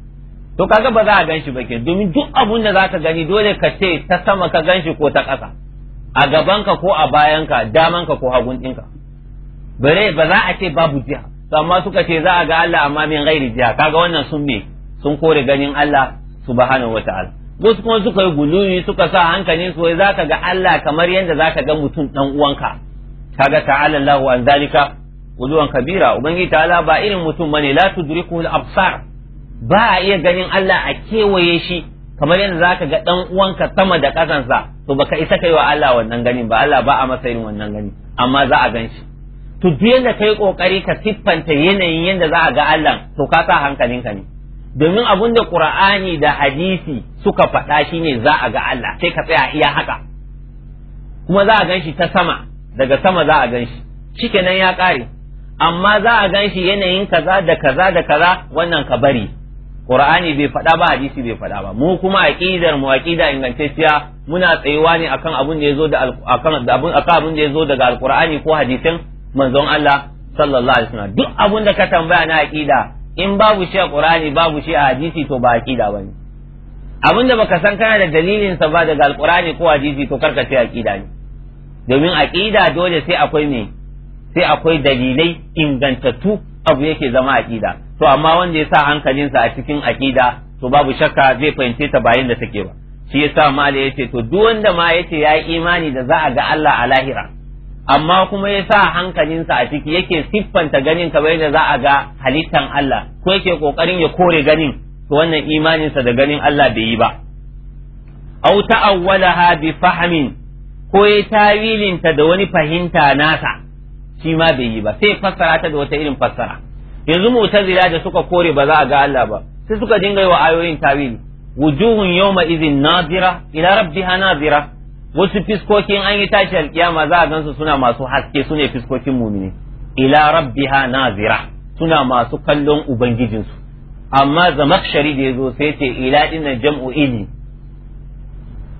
to kaga ba za a ganshi ba ke domin duk abun da ka gani dole ka ce ta sama ka ganshi ko ta kasa a gabanka ko a bayanka damanka ko hagun ɗinka bare ba za a ce babu jiha amma suka ce za a ga Allah amma min gairi jiha kaga wannan sun me sun kore ganin Allah subhanahu wataala wasu kuma suka yi guluyi suka sa hankali su wai zaka ga Allah kamar yadda zaka ga mutum dan uwanka kaga ta'ala Allahu an zalika kabira ubangi ta'ala ba irin mutum bane la tudrikuhu al-absar ba a iya ganin Allah a kewaye shi kamar yadda zaka ga dan uwanka sama da kasansa to baka isa kai wa Allah wannan ganin ba Allah ba a masa irin wannan gani amma za a gan shi to duk yadda yi kokari ka siffanta yanayin yadda za a ga Allah to ka sa hankalinka ne domin abun da qur'ani da hadisi suka faɗa shine za a ga Allah sai ka tsaya iya haka kuma za a ganshi ta sama daga sama za a ganshi shikenan ya ƙare amma za a ganshi yanayin kaza da kaza da kaza wannan ka bari qur'ani bai faɗa ba hadisi bai faɗa ba mu kuma aƙidar mu aqida ingantacciya muna tsayuwa ne akan abun da yazo da akan abun akan abun da yazo daga alqur'ani ko hadisin manzon Allah sallallahu alaihi wasallam duk abun da ka tambaya na aqida in babu shi a qur'ani babu shi a hadisi to ba aqida bane abinda baka san kana da dalilin sa ba daga alqur'ani ko hadisi to karka ce aqida ne domin aƙida dole sai akwai me sai akwai dalilai ingantattu abu yake zama aqida to amma wanda ya sa hankalinsa a cikin aqida to babu shakka zai fahimce ta bayan da take ba shi yasa mala ce to duk wanda ma ya yace yayi imani da za a ga Allah a lahira amma kuma ya sa hankalinsa a ciki yake siffanta ganin kamar yadda za a ga halittan Allah ko yake kokarin ya kore ganin to wannan imaninsa da ganin Allah bai yi ba aw ta'awwalaha bi fahmin ko ya tawilinta da wani fahimta nasa shi ma bai yi ba sai fassara ta da wata irin fassara yanzu mu'tazila da suka kore ba za a ga Allah ba sai suka dinga yi wa ayoyin tawili wujuhun yawma idhin nazira ila rabbiha nazira wasu fiskokin an yi tashi alkiyama za a gansu suna masu haske sune fiskokin mumini ila rabbiha nazira suna masu kallon ubangijinsu amma zamakshari da ya zo sai ce ila dinnan jam'u ili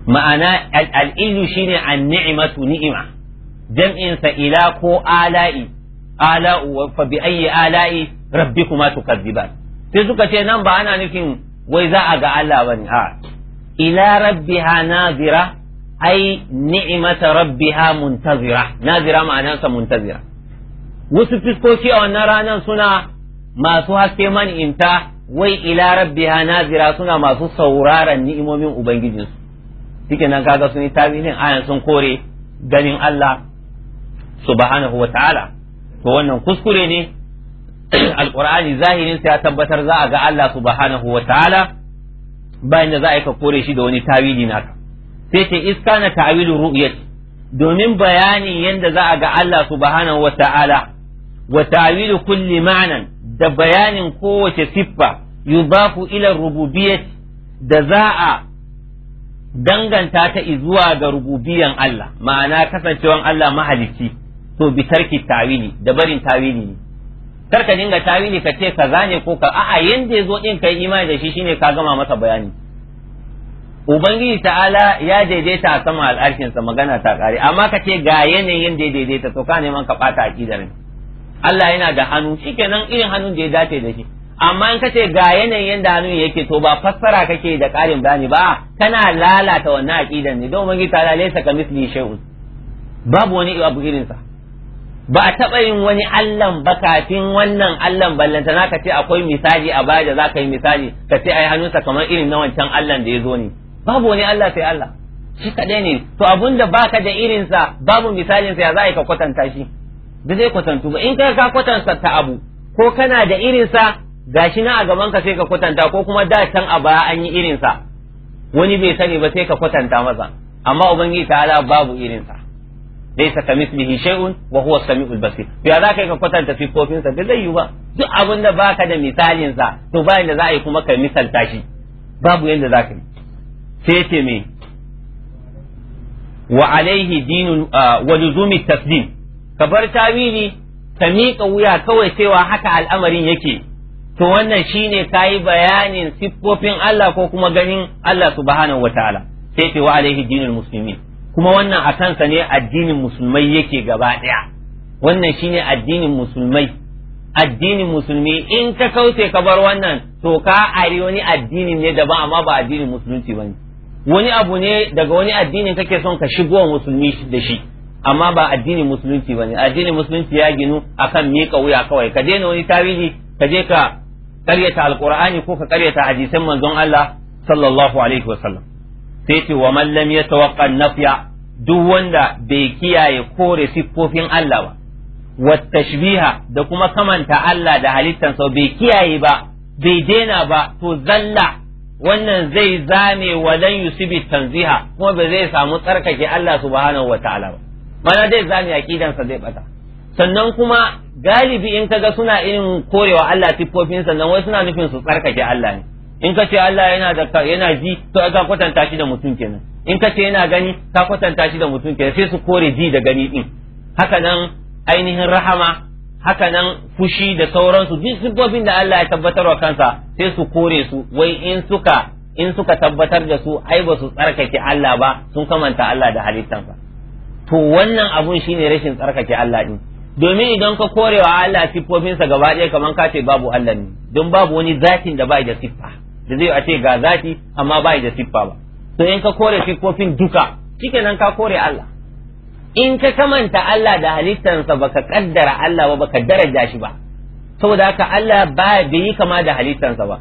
ma'ana al'ilu shine an ni'matu ni'ima jam'insa ila ko ala'i ala'u fa bi ayyi ala'i rabbikuma tukadziban sai suka ce nan ba ana nufin wai za a ga Allah bane a ila rabbiha nazira ai ni'imata rabbiha muntazira nazira sa muntazira wasu fiskoki a wannan ranar suna masu haske man inta wai ila rabbiha nazira suna masu sauraron ni'imomin ubangijinsu Cikin nan kaga sun yi tabinin ayan sun kore ganin Allah subhanahu wa ta'ala to wannan kuskure ne [clears throat] alqur'ani zahirin sa ya tabbatar za a ga Allah subhanahu wa ta'ala bayan da za a yi ka kore shi da wani tawili naka sai ce iska na ta'awilu ru'yat domin bayanin yadda za a ga Allah subhanahu wa ta'ala wa ta'awilu kulli ma'anan da bayanin kowace siffa yudafu ila rububiyyah da za a danganta ta zuwa ga rububiyan Allah ma'ana kasancewan Allah mahalicci to bi tarki tawili da barin tawili ne karka dinga tawili ka ce ka zane ko ka a'a yanda yazo din kai imani da shi shine ka gama masa bayani ubangiji ta'ala ya daidaita sama sama sa magana ta kare amma ka ce ga yanayin da ya daidaita to ka neman ka bata akidar ne Allah yana da hannu shikenan irin hannun da ya dace da shi amma in ka ce ga yanayin da hannun yake to ba fassara kake da karin bani ba kana lalata wannan akidar ne don ubangiji ta'ala laysa misli shay'un babu wani abu sa. ba a taɓa yin wani allan ba kafin wannan allan ballanta na ka ce akwai misali a baya da za ka yi misali ka ce ai hannunsa kamar irin na wancan allan da ya zo ne babu wani Allah sai Allah shi kaɗai ne to abunda baka da irinsa babu misalinsa ya za ka kwatanta shi da zai kwatantu ba in ka ka kwatanta ta abu ko kana da irinsa gashi na a gaban ka sai ka kwatanta ko kuma da can a baya an yi irinsa wani bai sani ba sai ka kwatanta maza amma ubangiji ta'ala babu irinsa laysa kamithlihi shay'un wa huwa samiul basir to ya za ka kwatanta sifofinsa da zai yi ba duk abin da baka da misalinsa to ba da za a yi kuma ka misalta shi babu yanda za ka yi sai ce me wa alaihi ah, wa luzumi ka bar tawili ka miƙa wuya kawai cewa haka al'amarin yake to wannan shine kayi bayanin siffofin Allah ko kuma ganin Allah subhanahu wataala sai ce wa alaihi dinul muslimin kuma wannan a kansa ne addinin musulmai yake gaba ɗaya wannan shine addinin musulmai addinin musulmi in ka kauce ka bar wannan to ka ari wani addinin ne daban amma ba addinin musulunci bane wani abu ne daga wani addinin kake son ka shigo musulmi da shi amma ba addinin musulunci ba ne addinin musulunci ya ginu akan miƙa wuya kawai ka daina wani tarihi ka je ka karyata alqur'ani ko ka karyata hadisan manzon Allah sallallahu alaihi wasallam sai ce wa man lam yatawaqqa nafya duk wanda bai kiyaye kore siffofin Allah ba tashbiha da kuma kamanta Allah da halittansa bai kiyaye ba bai daina ba to zalla wannan zai zamewa walan yusibi tanziha kuma ba zai samu tsarkake Allah subhanahu wataala ba mana zai zame sa zai bata sannan kuma galibi in kaga suna irin korewa Allah tiffofin sannan wai suna nufin su tsarkake Allah ne in ka ce Allah yana da yana ji to ka kwatanta shi da mutum kenan in ka ce yana gani ka kwatanta shi da mutum kenan sai su kore ji da gani din haka nan ainihin rahama haka nan fushi da sauransu duk siffofin da Allah ya tabbatar wa kansa sai su kore su wai in suka in suka tabbatar da su ai ba su tsarkake Allah ba sun kamanta Allah da halittansa to wannan abun shine rashin tsarkake Allah din domin idan ka kore wa Allah siffofinsa gaba ɗaya kamar ka ce babu Allah ne don babu wani zatin da bai da siffa da zai a ce ga zati amma bai da siffa ba to in ka kore siffofin duka shikenan ka kore Allah in ka kamanta Allah da halittansa baka kaddara Allah ba baka daraja shi ba saboda haka Allah ba bai yi kama da halittansa ba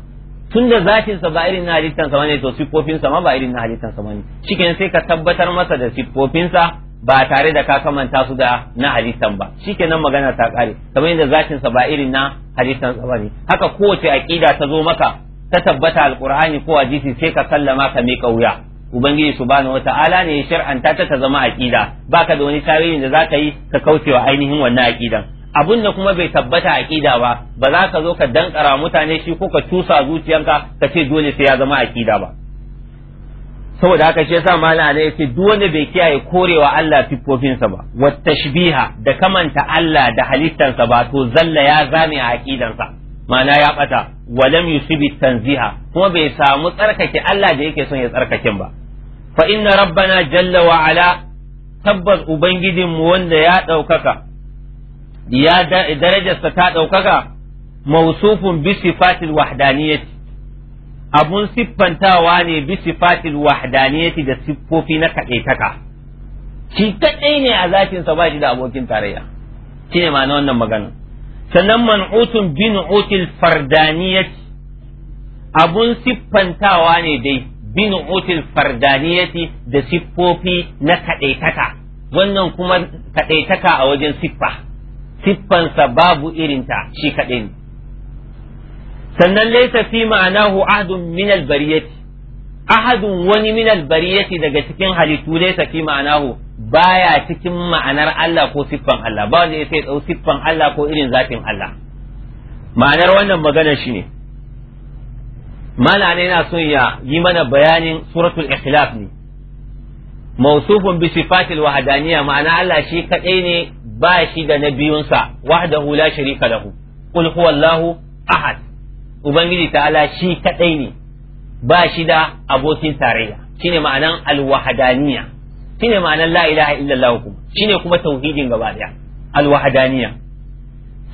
tunda zatinsa ba irin na halittansa bane to siffofinsa ma ba irin na halittansa bane shikenan sai ka tabbatar masa da siffofinsa ba tare da ka kamanta su da na halittan ba shikenan magana ta kare kamar yadda zatinsa ba irin na halittansa bane haka kowace aqida ta zo maka ta tabbata alqur'ani ko hadisi sai ka sallama ka mika wuya ubangiji wata wata'ala ne ya shar'anta ta ta zama aqida baka da wani tarihin da za ka yi ka kauce wa ainihin wannan aqidan abun da kuma bai tabbata aqida ba ba za ka zo ka dankara mutane shi ko ka tusa zuciyanka ka ce dole sai ya zama aƙida ba saboda haka shi yasa malam ne yace duk bai kiyaye korewa Allah fifofinsa ba Wata tashbiha da kamanta Allah da halittansa ba to zalla ya zame a aqidansa ma'ana ya bata walam yusibi tanziha kuma bai samu tsarkake Allah da yake son ya tsarkaken ba fa inna rabbana jalla wa ala tabbas ubangijinmu wanda ya daukaka ya darajarsa ta daukaka mausufun bi sifatil wahdaniyyati abun siffantawa ne bi sifatil wahdaniyyati da siffofi na kaɗaitaka shi kadai ne a zatin sa ba shi da abokin tarayya shine ma'ana wannan maganar. sannan man'utun bin util fardaniyati abun siffantawa ne dai bin util fardaniyati da siffofi na kaɗaitaka wannan kuma kaɗaitaka a wajen siffa siffansa babu irinta shi kaɗai ne sannan laisa fi ma'anahu ahadun min albariyati ahadun wani min albariyati daga cikin halittu laisa fi ma'anahu baya cikin ma'anar Allah ko siffan Allah ba wanda ya sai dau siffan Allah ko irin zatin Allah ma'anar wannan magana shine malana na son ya yi mana bayanin suratul ikhlas ne Mausufin bi sifatil wahdaniyya ma'ana Allah shi kadai ne ba shi da nabiyunsa wahdahu la sharika lahu qul huwallahu ahad ubangiji ta'ala shi kadai ne ba shi da abokin tarayya shine ma'anan wahdaniyya shine ma'anar la ilaha illallah kuma shine kuma tauhidin gaba daya alwahdaniya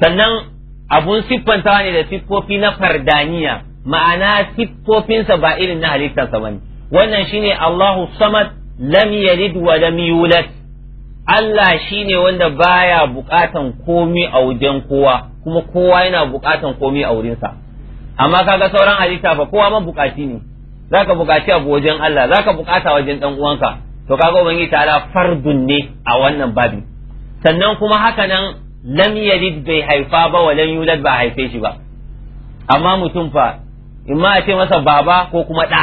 sannan abun siffantawa ne da siffofi na fardaniya ma'ana siffofinsa ba irin na halittarsa bane wannan shine Allahu samad lam yalid wa lam yulad Allah shine wanda baya bukatan komi a wajen kowa kuma kowa yana bukatan komi a wurinsa amma kaga sauran halitta fa kowa ma bukati ne zaka bukaci abu wajen Allah zaka bukata wajen dan uwanka to kaga ubangiji ta'ala fardun ne a wannan babi sannan kuma haka nan lam yalid bai haifa ba wa lam yulad ba haife shi ba amma mutum fa in ma a ce masa baba ko kuma ɗa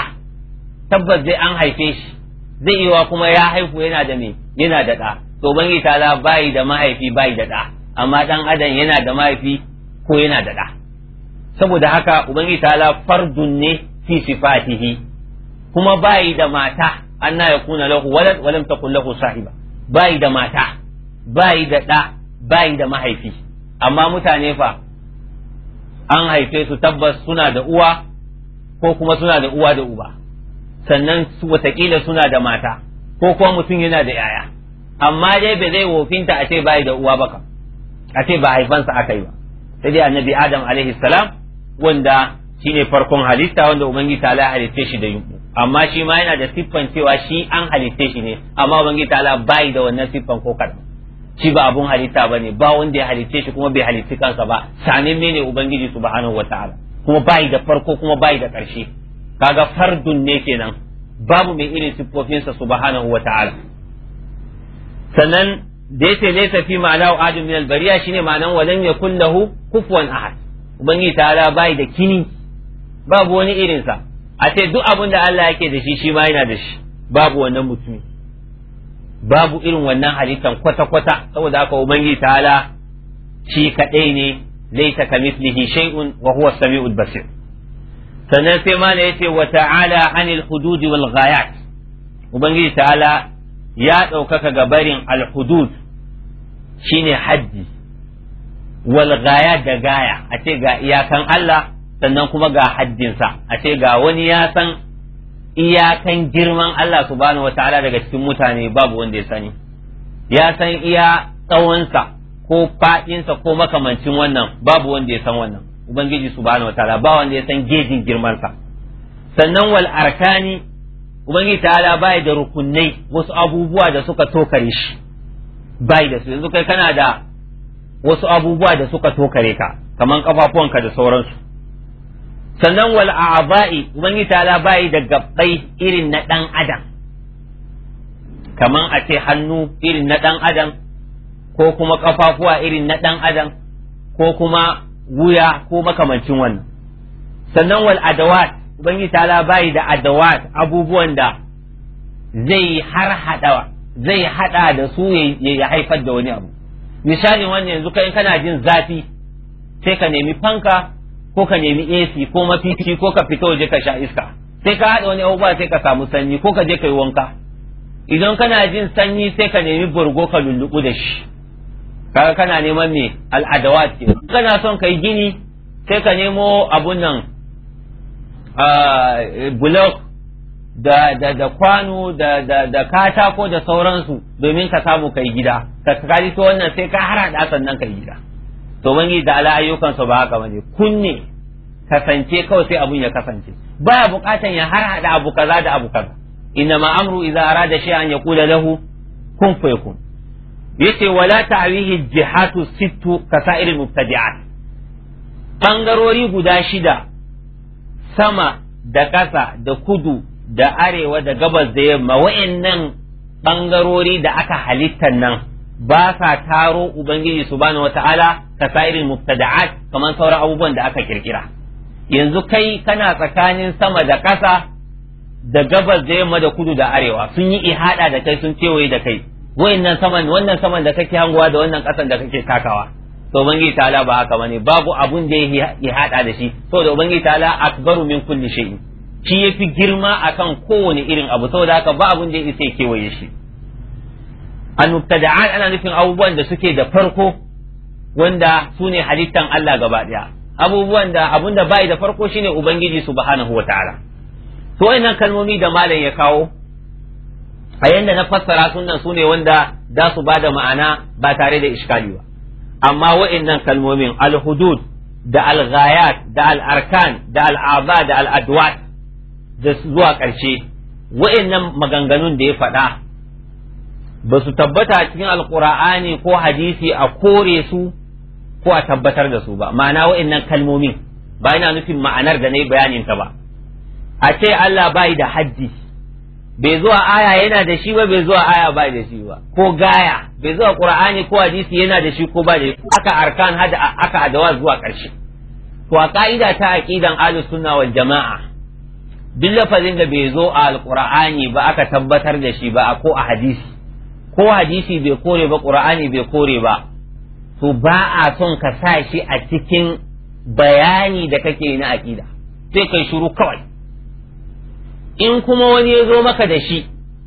tabbas zai an haife shi zai wa kuma ya haifu yana da me yana da ɗa to ubangiji ta'ala bai da mahaifi bai da ɗa amma dan adam yana da mahaifi ko yana da ɗa saboda haka ubangiji ta'ala fardun ne fi sifatihi kuma bayi da mata anna yakuna lahu walad wa lam takun lahu sahiba bai da mata bai da da bai da mahaifi amma mutane fa an haife su tabbas suna da uwa ko kuma suna da uwa da uba sannan watakila suna da mata ko kuma mutum yana da yaya amma dai ba zai wofinta a ce bai da uwa ba baka a ce ba haifansa aka yi ba sai dai annabi adam alaihi salam wanda shine farkon halitta wanda ubangiji ta halitta shi da amma shi ma yana da siffan cewa shi an halitta shi ne amma ubangiji ta'ala bai da wannan siffan ko kada shi ba abun halitta bane ba wanda ya halitta shi kuma bai halitta kansa ba sanin ne ubangiji subhanahu wataala kuma bai da farko kuma bai da karshe kaga fardun ne kenan babu mai irin siffofinsa subhanahu wataala sannan da yace laysa fi ma'ana wa adam min al-bariya shine ma'anan walan ya lahu kufuwan ahad ubangiji ta'ala bai da kini babu wani irinsa a ce duk abin da Allah yake da shi shi ma yana da shi babu wannan mutum babu irin wannan halittan kwata-kwata saboda aka ubangiji ta'ala shi kadai ne ka mislihi shay'un wa huwa samiul basir sannan sai ma yace wa ta'ala anil hudud wal ghayat ubangiji ta'ala ya ɗaukaka gabarin barin al hudud shine haddi wal ghayat da gaya a ce ga iyakan Allah sannan kuma ga haddinsa a ce ga wani ya san iyakan girman Allah subhanahu wataala daga cikin mutane babu wanda ya sani ya san iya tsawonsa ko fadinsa ko makamancin wannan babu wanda ya san wannan ubangiji subhanahu wataala ba wanda ya san gejin girmansa sannan wal arkani ubangiji ta'ala bai da rukunai wasu abubuwa da suka tokare shi bai da su yanzu kai kana da wasu abubuwa da suka tokare ka kaman kafafuwanka da sauransu sannan wal a'dha'i ubangiji ta'ala bai da gabbai irin na dan adam kaman a ce hannu irin na dan adam ko kuma kafafuwa irin na dan adam ko kuma wuya ko makamancin wannan sannan wal adawat ubangiji ta'ala bai da adawat abubuwan da zai har hadawa zai hada da su ya haifar da wani abu misali wannan yanzu kai kana jin zafi sai ka nemi fanka ko ka nemi AC ko mafici ko ka fito je ka sha iska sai ka haɗa wani abubuwa sai ka samu sanyi ko ka je ka yi wanka idan kana jin sanyi sai ka nemi burgo ka lulluɓu da shi kaga kana neman me al'adawa ce kana son ka yi gini sai ka nemo abun nan bulok da da da kwano da da da katako da sauransu domin ka samu kai gida ka kaji to wannan sai ka harada sannan kai gida to bangi da ala ayyukansa ba haka bane kunne kasance kawai sai abun ya kasance baya bukatan ya har hada abu kaza da abu kaza ma amru idza arada shay'an yaqula lahu kun fayakun yace wala ta'wihi jihatu sittu kasa'ir mubtadi'at bangarori guda shida sama da ƙasa da kudu da arewa da gabas da yamma wa'annan bangarori da aka halittan nan ba sa taro ubangiji subhanahu wata'ala kasairin mubtada'at kamar sauran abubuwan da aka kirkira yanzu kai kana tsakanin sama da ƙasa da gabas da yamma da kudu da arewa sun yi ihada da kai sun cewaye da kai wayannan saman wannan saman da kake hanguwa da wannan ƙasan da kake takawa to ubangiji ta'ala ba haka bane babu abun da ya ihada da shi saboda ubangiji ta'ala akbaru min kulli shay'in shi yafi girma akan kowane irin abu saboda haka ba abun da ya isa kewaye shi al-mubtada'at ana nufin abubuwan da suke da farko wanda su ne halittan Allah gaba ɗaya abubuwan da abun da bai da farko shine ubangiji subhanahu wataala to wayannan kalmomi da malam ya kawo a yanda na fassara sunan su ne wanda za su bada ma'ana ba tare da iskali ba amma wayannan kalmomin al-hudud da al-ghayat da al-arkan da al-aba da al-adwat da zuwa ƙarshe wayannan maganganun da ya faɗa ba su tabbata cikin alkur'ani ko hadisi a kore su ko a tabbatar da su ba ma'ana wa'annan kalmomin ba yana nufin ma'anar da na yi bayanin ta ba a ce Allah bai da haddi bai zuwa aya yana da shi ba bai zuwa aya bai da shi ba ko gaya bai zuwa qur'ani ko hadisi yana da shi ko ba da shi aka arkan hada aka adawa zuwa karshe to a ka'ida ta aqidan ahlus sunna wal jama'a duk lafazin da bai zo a alkur'ani ba aka tabbatar da shi ba ko a hadisi ko hadisi bai kore ba qur'ani bai kore ba to ba a son ka sa shi a cikin bayani da kake na aƙida sai kai shuru kawai in kuma wani ya zo maka da shi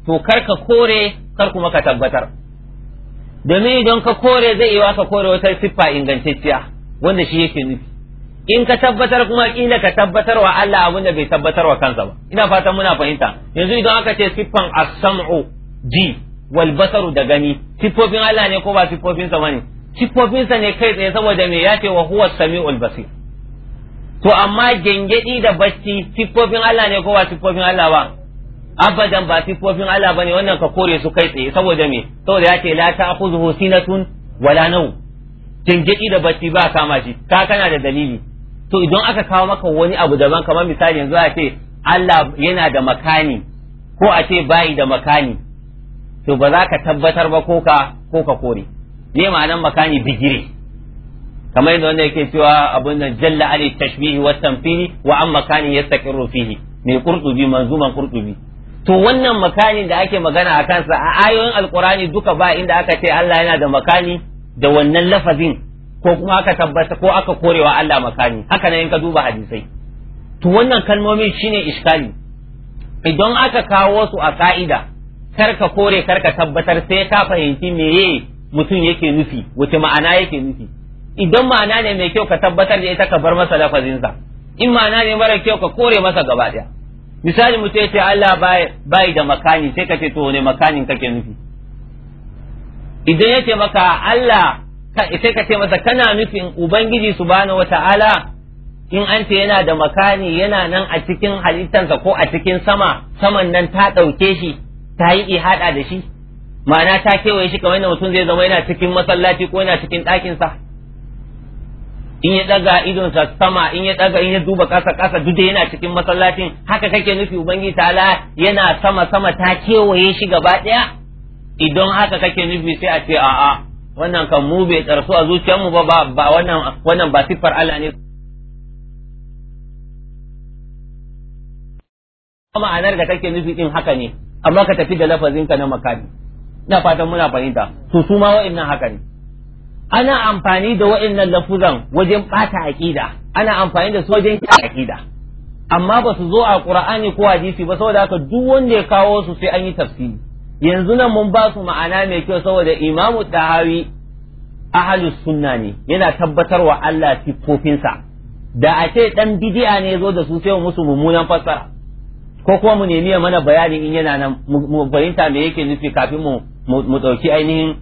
to kar ka kore kar kuma ka tabbatar domin idan ka kore zai iya ka kore wata siffa ingantacciya wanda shi yake nufi in ka tabbatar kuma kila ka tabbatar wa Allah abin da bai tabbatar wa kansa ba ina fatan muna fahimta yanzu idan aka ce siffan as-sam'u ji wal basaru da gani siffofin Allah ne ko ba siffofin sa bane sifofinsa ne kai tsaye saboda me ya ce wa huwa sami'ul basir to amma gengedi da bacci siffofin Allah ne ko ba siffofin Allah ba abadan ba siffofin Allah bane wannan ka kore su kai tsaye saboda me saboda ya ce la ta'khudhu sinatun wala nawm gengedi da bacci ba kama shi ka kana da dalili to idan aka kawo maka wani abu daban kamar misali yanzu a ce Allah yana da makani ko a ce bai da makani to ba za ka tabbatar ba ko ka ko ka kore ne ma'anan makani bigire kamar yadda wanda yake cewa abun nan jalla ali tashbihi wa tanfihi wa an makani yastaqirru fihi mai qurtubi manzuman qurtubi to wannan makani da ake magana a kansa a ayoyin alkurani duka ba inda aka ce Allah yana da makani da wannan lafazin ko kuma aka tabbata ko aka korewa Allah makani haka na ka duba hadisai to wannan kalmomin shine iskali idan aka kawo su a ka'ida kar ka kore karka tabbatar sai ka fahimci meye mutum yake nufi wace ma'ana yake nufi idan ma'ana ne mai kyau ka tabbatar da ita ka bar masa lafazinsa in ma'ana ne mara kyau ka kore masa gaba daya misali mutum ya ce Allah bai da makani sai ka ce to ne makanin kake nufi idan ya ce maka Allah sai ka ce masa kana nufin ubangiji subhanahu wata'ala in an ce yana da makani yana nan a cikin halittansa ko a cikin sama saman nan ta ɗauke shi ta yi ihada da shi ma'ana ta kewaye shi kamar yadda mutum zai zama yana cikin masallaci ko yana cikin ɗakin sa in ya daga idonsa sama in ya daga in ya duba kasa kasa duk yana cikin masallacin haka kake nufi ubangi ta'ala yana sama sama ta kewaye shi gaba ɗaya idan haka kake nufi sai a ce a'a wannan kan mu bai tsarsu a zuciyarmu ba ba wannan wannan ba siffar Allah ne ma'anar da kake nufi din haka ne amma ka tafi da lafazin ka na makami ina fatan muna fahimta to su ma wa'annan haka ne ana amfani da wa'annan lafuzan wajen bata aqida ana amfani da su wajen kyara aqida amma ba su zo a qur'ani ko hadisi ba saboda haka duk wanda ya kawo su sai an yi tafsiri yanzu nan mun ba su ma'ana mai kyau saboda imamu tahawi ahlus sunna ne yana tabbatar wa Allah siffofinsa da a ce dan bid'a ne zo da su sai musu mummunan fassara ko kuma mu nemi mana bayani in yana nan mu fahimta me yake nufi kafin mu mu ɗauki ainihin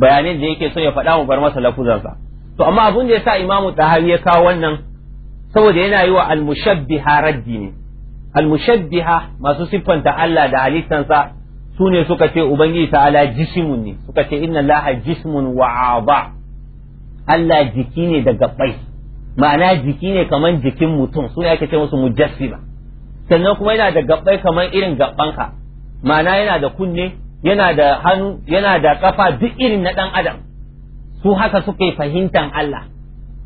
bayanin da yake so ya faɗa mu bar masa lafuzansa to amma abun da ya sa imamu tahawi ya kawo wannan saboda yana yi wa almushabbiha raddi ne almushabbiha masu siffanta Allah da halittansa su ne suka ce ubangiji ta'ala jismun ne suka ce inna laha jismun wa aba Allah jiki ne da gabbai ma'ana jiki ne kaman jikin mutum su ne ake ce musu mujassima sannan kuma yana da gabbai kamar irin gabbanka ma'ana yana da kunne yana da hannu yana da kafa duk irin na ɗan adam su haka suke fahimtan Allah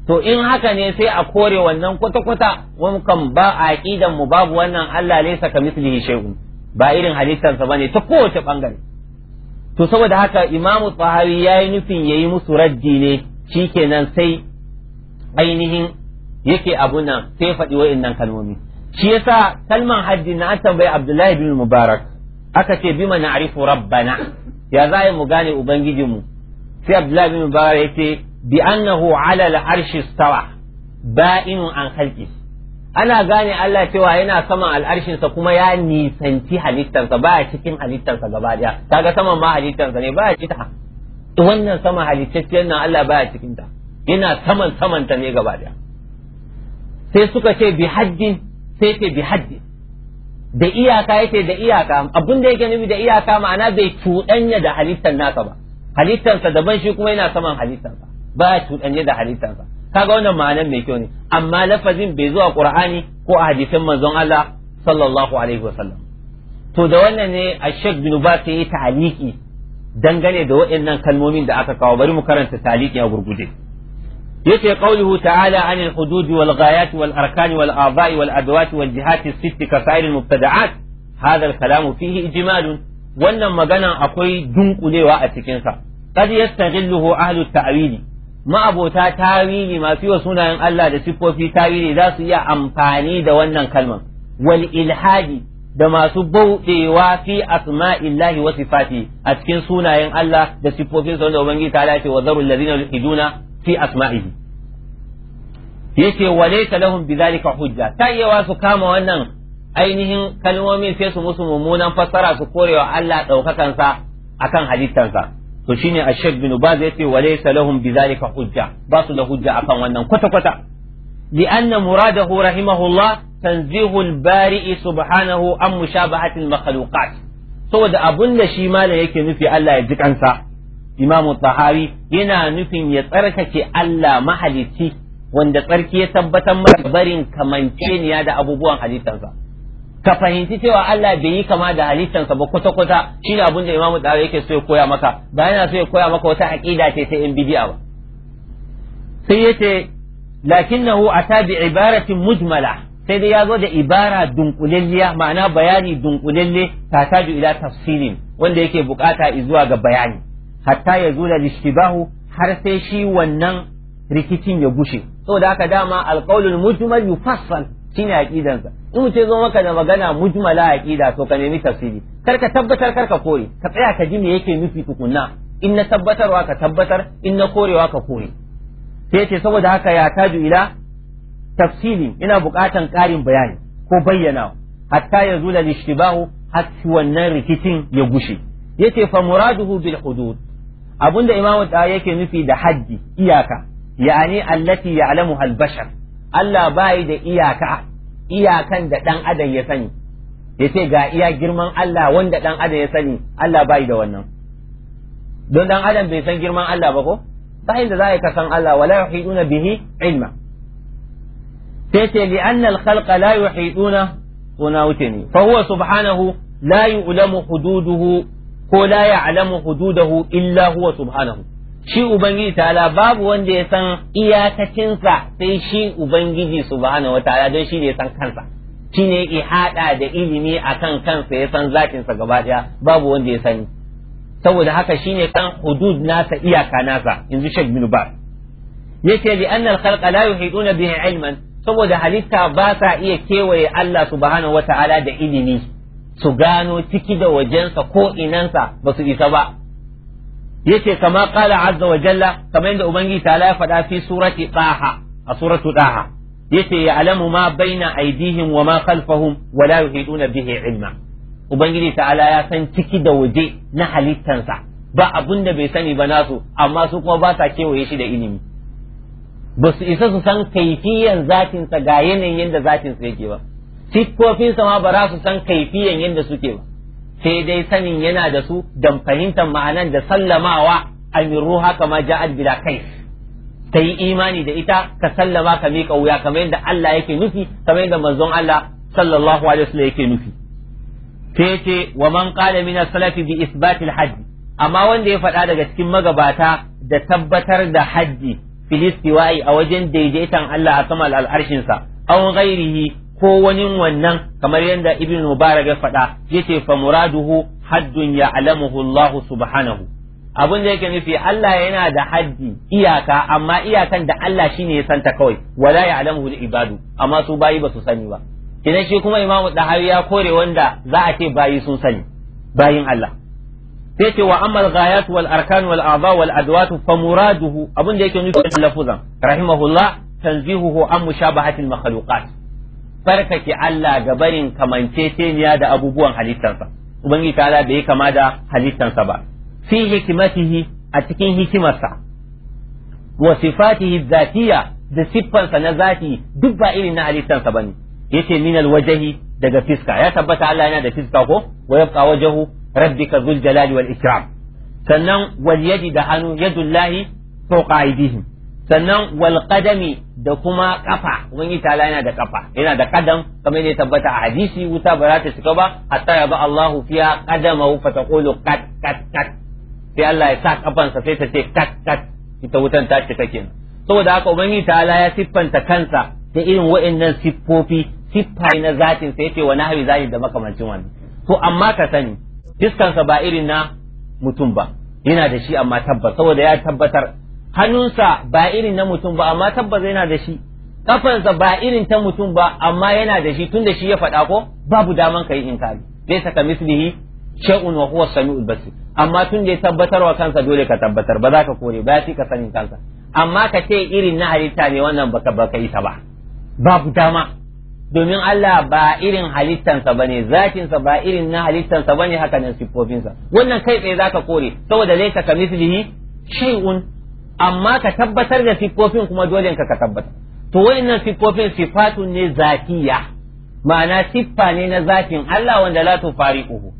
to in haka ne sai a kore wannan kwata-kwata wankan ba a aqidan mu babu wannan Allah ne ka mislihi shay'un ba irin halittarsa ne ta kowace bangare to saboda haka imamu tsahari ya yi nufin ya yi musu raddi ne shi shikenan sai ainihin yake abu nan sai faɗi nan kalmomi shi yasa kalman haddi na an tambayi abdullahi bin mubarak aka ce bima na na'rifu rabbana ya za yi mu gane ubangijinmu sai abdullahi bin mubarak ce bi annahu ala al-arshi stawa ba'inun an khalqi ana gane Allah cewa yana saman al'arshinsa kuma ya nisanci halittarsa baya cikin halittarsa gaba daya kaga saman ma halittarsa ne baya cita wannan sama halittacciyar nan Allah baya cikin ta yana saman samanta ne gaba daya sai suka ce bi haddin sai ce bi haddin da iyaka yake da iyaka abun da yake nufi da iyaka ma'ana bai cuɗanya da halittar nasa ba halittarsa daban shi kuma yana saman halittarsa ba ya cuɗanya da halittarsa kaga wannan ma'anan mai kyau ne amma lafazin bai zuwa qur'ani ko a hadisin manzon Allah sallallahu alaihi wasallam to da wannan ne a Sheikh bin Bas yi ta'aliki dangane da waɗannan kalmomin da aka kawo bari mu karanta ta'aliki a gurguje ce qawluhu ta'ala anil hudud wal ghayat wal arkan wal adai wal adawat wal jihat as sitt ka sa'ir al mubtada'at wannan magana akwai dunkulewa a cikin sa qad yastaghilluhu ahlu ta'wili ma'abota tawili masu wa sunayen Allah da siffofi tawili za su iya amfani da wannan kalman wal ilhadi da masu bauɗewa fi asma'illahi wa sifati a cikin sunayen Allah da siffofin sa wanda ubangiji ta lafi wa zarul ladina yuhiduna fi asma'ihi yace walaysa lahum bidhalika hujja ta iya su kama wannan ainihin kalmomin sai su musu mummunan fassara su korewa Allah sa akan halittansa to shine ashek bin baz yace walaysa lahum bidhalika hujja ba su da hujja akan wannan kwata kwata لأن مراده رحمه الله تنزيه البارئ سبحانه عن مشابهة المخلوقات saboda abun da shi malam yake nufi Allah ya ji kansa imamu tahawi yana nufin ya tsarkake Allah mahalicci wanda tsarki ya tabbatar masa barin kamanceniya da abubuwan halittarsa ka fahimci cewa Allah bai yi kama da halittarsa ba kwata kwata shine abin da imamu tahawi yake so ya koya maka ba yana so ya koya maka wata aqida ce ta yan bid'a ba sai yace lakinnahu ata bi ibaratin mujmala sai dai ya zo da ibara dunkulelliya ma'ana bayani dunkulelle ta taju ila tafsirin, wanda yake bukata izuwa ga bayani hatta ya zula lishtibahu har sai shi wannan rikicin ya gushe saboda haka dama alqaulul mujmal yufassal shine sa in mutum zo maka da magana mujmala aqida to ka nemi tafsiri kar ka tabbatar kar ka kore ka tsaya ka ji me yake nufi tukunna in na tabbatarwa ka tabbatar in na korewa ka kore sai yace saboda haka ya taju ila tafsili ina buƙatan ƙarin bayani ko bayyana hatta ya zula lishtibahu har wannan rikicin ya gushe yace fa muraduhu bil hudud abinda imamu ta yake nufi da haddi iyaka ya'ani allati ya'lamu al bashar Allah bai da iyaka iyakan da dan adam ya sani yace ga iya girman Allah wanda dan adam ya sani Allah bai da wannan don dan adam bai san girman Allah ba ko sai da zai ka san Allah wala yuhiduna bihi ilma sai ce li anna al khalqa la yuhiduna kuna wuce ne fa huwa subhanahu la yu'lamu hududuhu ko la ya'lamu hududahu illa huwa subhanahu shi ubangiji ta'ala babu wanda ya san iyakacinsa sai shi ubangiji subhanahu ta'ala don shi ne ya san kansa shi ne hada da ilimi akan kansa ya san zatinsa gaba daya babu wanda ya sani saboda haka shine kan hudud nasa iyaka nasa yanzu shek bin bar yace li anna al-khalqa la yuhiduna bihi ilman saboda halitta ba sa iya kewaye Allah subhanahu ta'ala da ilimi su gano ciki da wajensa ko inansa ba su isa ba yace kama qala azza wa jalla kamar yadda ubangiji ta ya faɗa fi surati taha a suratu taha yace alamu ma baina aidihim wa ma khalfahum wa la yuhituna bihi ilma ubangiji ta'ala ya san ciki da waje na halittansa ba abun da bai sani ba nasu amma su kuma ba sa kewaye shi da ilimi ba su isa su san kaifiyan zatinsa ga yanayin yadda zatinsa yake ba siffofinsa ma ba su san kaifiyan yadda suke ba sai dai sanin yana da su dan fahimtar ma'anan da sallamawa amiru haka ma ja'ad bila kai yi imani da ita ka sallama ka miƙa wuya kamar yadda Allah yake nufi kamar yadda manzon Allah sallallahu alaihi wasallam yake nufi sai ce wa man qala min as-salafi bi isbatil hajj amma wanda ya faɗa daga cikin magabata da tabbatar da hajji filistiwa'i a wajen daidaitan Allah a sama al'arshinsa, an ghairihi ko wani wannan kamar yadda ibn mubarak ya faɗa yace fa muraduhu haddun ya'lamuhu Allah subhanahu abin da yake nufi Allah yana da haddi iyaka amma iyakan da Allah shine ya santa kawai wala ya'lamuhu ibadu amma su bayi ba su sani ba idan shi kuma imamu dahawi ya kore wanda za a ce bayi sun sani bayin Allah sai ce wa amma al-ghayat wal arkan wal a'dha wal adwat fa muraduhu abin da yake nufi lafuzan rahimahullah tanzihuhu an mushabahatil makhluqat barkake Allah ga barin kamanceceniya da abubuwan halittansa ubangiji ta'ala bai kama da halittansa ba fi hikimatihi a cikin hikimarsa wa sifatihi zatiya da siffansa na zati duk ba irin na halittansa bane yace minal alwajhi daga fiska ya tabbata Allah yana da fiska ko wa yabqa wajhu rabbika dhul jalali wal ikram sannan wal yadi da hannu yadullahi fawqa aydihim sannan wal qadami da kuma kafa ubangiji ta'ala yana da kafa yana da kadam kamar ne tabbata a hadisi wuta ba za ta shiga ba hatta ya ba Allahu fiya qadamahu fa taqulu kat kat kat sai Allah ya sa kafansa sai ta ce kat kat ita wutan ta shiga kenan saboda haka ubangiji ta'ala ya siffanta kansa da irin wa'annan siffofi siffa na zatin sai yace wani nahwi zani da makamancin wannan to amma ka sani fiskansa ba irin na mutum ba yana da shi amma tabbas saboda ya tabbatar hannunsa ba irin na mutum ba amma tabbas yana da shi kafansa ba irin ta mutum ba amma yana da shi tunda shi ya faɗa ko babu daman kai inkari laysa ka mislihi shay'un wa huwa samiul basir amma tunda ya tabbatar wa kansa dole ka tabbatar ba za ka kore ba fi ka sanin kansa amma ka ce irin na halitta ne wannan baka baka ta ba babu dama domin Allah ba irin halittansa ba ne zakinsa ba irin na halittansa ba ne haka nan siffofinsa wannan kai tsaye za ka kore saboda laisa ka mislihi shay'un amma ka tabbatar da siffofin kuma dole ka ka tabbata to wayannan siffofin sifatun ne zatiya ma'ana siffa ne na zatin Allah wanda la fariquhu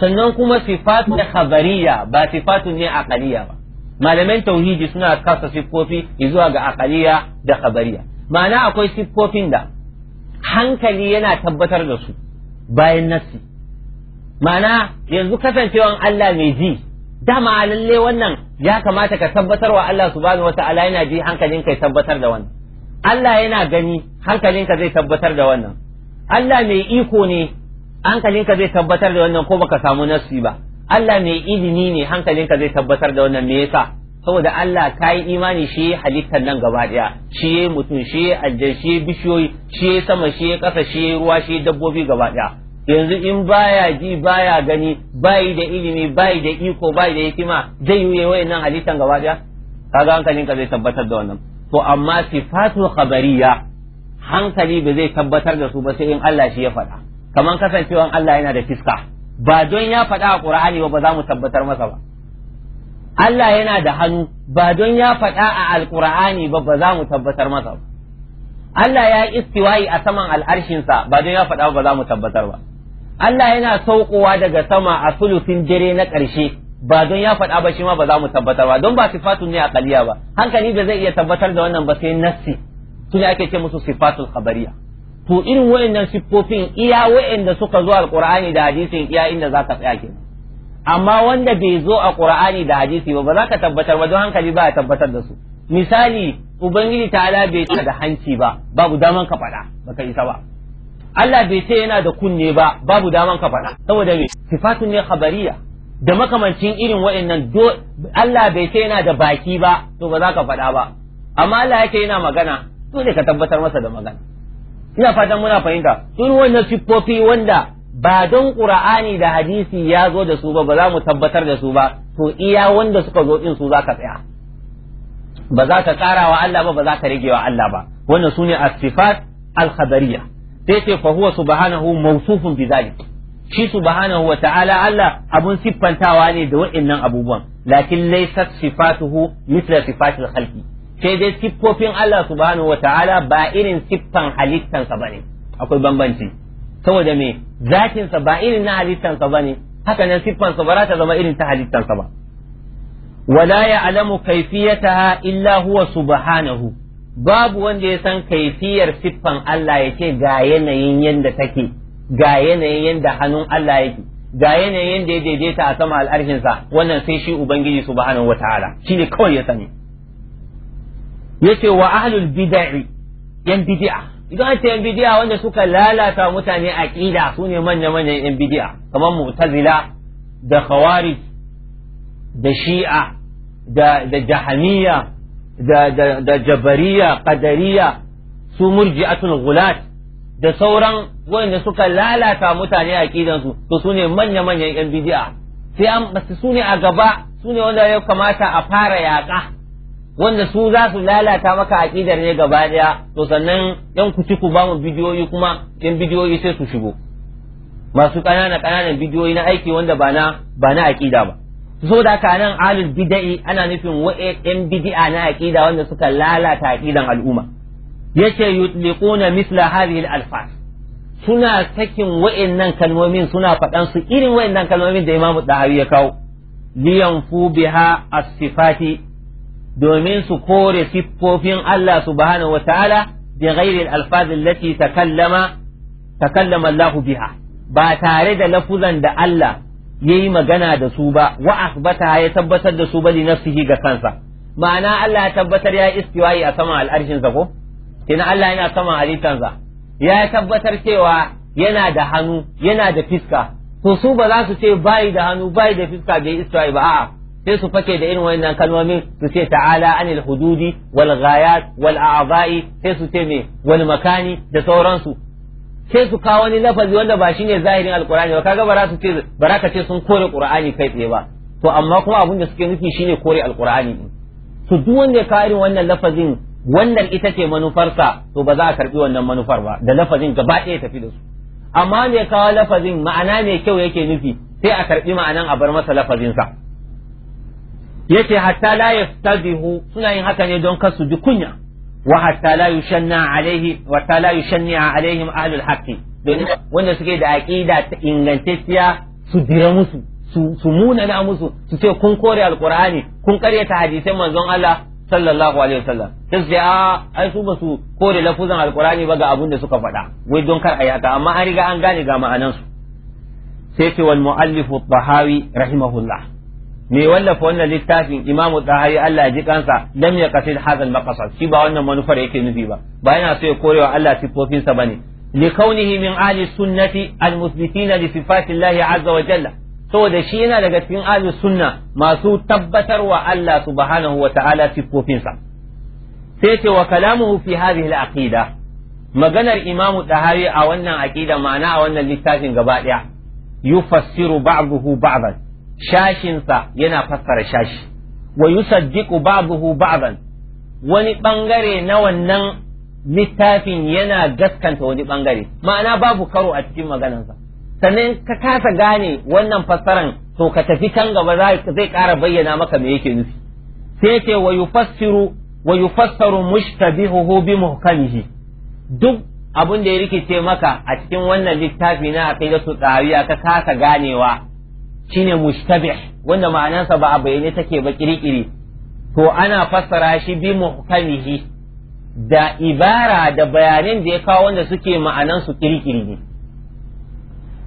sannan kuma sifatun khabariya ba sifatun ne aqaliya ba malaman tauhidi suna kasa siffofi zuwa ga aqaliya da khabariya ma'ana akwai siffofin da hankali yana tabbatar da su bayan nasi ma'ana yanzu kasancewan Allah mai ji dama lalle wannan ya kamata ka tabbatar wa Allah subhanahu wataala yana ji hankalin ya tabbatar da wannan Allah yana gani hankalinka zai tabbatar da wannan Allah mai iko ne hankalinka zai tabbatar da wannan ko baka samu nasi ba Allah mai ilimi ne hankalinka zai tabbatar da wannan me yasa saboda Allah ka yi imani shi ya halittar nan gaba daya shi ya mutum shi ya aljan shi ya bishiyoyi shi ya sama shi ya ƙasa shi ya ruwa shi ya dabbobi gaba daya yanzu in baya ji baya gani bayi da ilimi bayi da iko bayi da hikima zai yi wayannan halittan gaba daya kaga hankalin ka zai tabbatar da wannan to amma sifatul khabariya hankali ba zai tabbatar da su ba sai in Allah shi ya faɗa Kamar kasancewan Allah yana da fiska ba don ya faɗa a Qur'ani ba ba za mu tabbatar masa ba Allah yana da hannu ba don ya faɗa a al Al-Qur'ani ba ba za mu tabbatar masa ba Allah ya istiwayi a saman al'arshinsa ba don ya faɗa ba za mu tabbatar ba Allah yana saukowa daga sama a sulusin dare na ƙarshe ba don ya faɗa ba shi ma ba za mu tabbatar ba don ba sifatun ne a kaliya ba hankali ba zai iya tabbatar da wannan ba sai nassi su ne ake ce musu sifatul khabariya to irin wayannan siffofin iya wayanda suka zo alqur'ani da hadisi iya inda za ka tsaya ke amma wanda bai zo a qur'ani da hadisi ba ba za ka tabbatar ba don hankali ba ya tabbatar da su misali ubangiji ta'ala bai da hanci ba babu daman ka faɗa baka isa ba Allah bai ce yana da kunne ba babu daman ka faɗa saboda me sifatun ne khabariya da makamancin irin wa'annan Allah bai ce yana da baki ba to ba za ka faɗa ba amma Allah yake yana magana dole ka tabbatar masa da magana ina fatan muna fahimta sun wannan sifofi wanda ba don qur'ani da hadisi ya zo da su ba ba za mu tabbatar da su ba to iya wanda suka zo din su za ka tsaya ba za ka ƙara wa Allah ba ba za ka rage wa Allah ba wannan sune as-sifat al-khabariyah sai ce fa huwa subhanahu mawsufun bi zalik shi subhanahu wa ta'ala Allah abun siffantawa ne da wa'annan abubuwan lakin laysat sifatuhu mithla sifatil khalqi sai dai siffofin Allah subhanahu wa ta'ala ba irin siffan halittansa bane akwai bambanci saboda me sa ba irin na halittansa bane haka nan siffansa ba za ta zama irin ta halittansa ba wala ya'lamu kayfiyataha illa huwa subhanahu babu wanda ya san kaifiyar siffan Allah ya ce ga yanayin yadda take ga yanayin yadda hannun Allah yake ga yanayin yadda ya daidaita a sama al'arshinsa wannan sai shi ubangiji su ta'ala Shi ne kawai ya sani ce wa ahlul bid'i yan bidi'a. idan an ce yan bidi'a wanda suka lalata mutane a Su ne manya manyan yan bidi'a. kamar mu'tazila da khawarij da shi'a da da da jabariya qadariya su murji'atul gulat da sauran wanda suka lalata mutane a su to su ne manya-manyan yan bidi'a sai an su ne a gaba su ne wanda ya kamata a fara yaƙa wanda su za su lalata maka aƙidar ne gaba ɗaya to sannan yan kuciku ba mu bidiyoyi kuma yan bidiyoyi sai su shigo masu ƙanana ƙananan bidiyoyi na aiki wanda ba na ba na aƙida ba so da ka nan alul bida'i ana nufin wa'yan bidi'a na aqida wanda suka lalata aqidan al'umma yace yutliquna misla hadhihi al-alfaz suna sakin wa'annan kalmomin suna faɗan su irin wa'annan kalmomin da Imam Dahawi ya kawo liyanfu biha as-sifati domin su kore siffofin Allah subhanahu wataala bi ghairi al-alfaz allati takallama takallama Allah biha ba tare da lafuzan da Allah yayi magana da su ba wa asbata ya tabbatar da su ba na nafsihi ga kansa ma'ana Allah ya tabbatar ya istiwayi a saman al'arshin sa ko kina Allah yana saman halittansa ya tabbatar cewa yana da hannu yana da fiska to su ba za su ce bai da hannu bai da fiska bai istiwayi ba a'a sai su fake da irin wannan kalmomin su ce ta'ala anil hududi wal ghayat wal a'dha'i sai su ce me wal makani da sauransu sai su kawo wani lafazi wanda ba shine zahirin alqur'ani ba kaga ba za su ce ba ka ce sun kore qur'ani kai tsaye ba to amma kuma abin da suke nufi shine kore alqur'ani to duk wanda ya kawo irin wannan lafazin wannan ita ce manufarsa to ba za a karbi wannan manufar ba da lafazin gaba ɗaya tafi da su amma me kawo lafazin ma'ana mai kyau yake nufi sai a karbi ma'anan a bar masa lafazin sa yace hatta la yastadihu suna yin haka ne don kar su ji kunya wa hatta la yushanna alaihi wa ta la yushanni alaihim wanda suke da aƙida ta ingantacciya su dira musu su munana musu su ce kun kore alqur'ani kun karyata hadisan manzon Allah sallallahu alaihi wasallam sai su a ah, ai su basu kore lafuzan alqur'ani ba ga abin da suka faɗa wai don kar ayata amma an riga an gane ga ma'anansu sai ce wal mu'allifu tahawi rahimahullah me wallafa wannan littafin imamu tsahari Allah ya ji kansa lam ya kasid hadal maqasad shi ba wannan manufar yake nufi ba ba yana so ya korewa Allah sifofinsa bane li kaunihi min ahli sunnati al musbitina li Allah azza wa jalla saboda shi yana daga cikin ahli sunna masu tabbatarwa Allah subhanahu wa ta'ala sifofinsa sai ce wa kalamuhu fi hadhihi al aqida maganar imamu tsahari a wannan aqida ma'ana a wannan littafin gaba daya yufassiru ba'dahu ba'dan shashinsa yana fassara shashi wa yusaddiqu ba'dahu ba'dan wani bangare na wannan littafin yana gaskanta wani bangare ma'ana babu karo a cikin maganansa sannan ka kasa gane wannan fassaran to ka tafi can gaba zai ƙara bayyana maka me yake nufi sai ce wa yufassiru wa yufassaru mushtabihuhu bi muhkamihi duk abin da ya rikice maka a cikin wannan littafi na aqidatu tsariya, ka kasa ganewa shine mushtabih wanda ma'anarsa ba a bayyane take ba kirkiri to ana fassara shi bi muhkamihi da ibara da bayanan da ya kawo wanda suke su kirkiri ne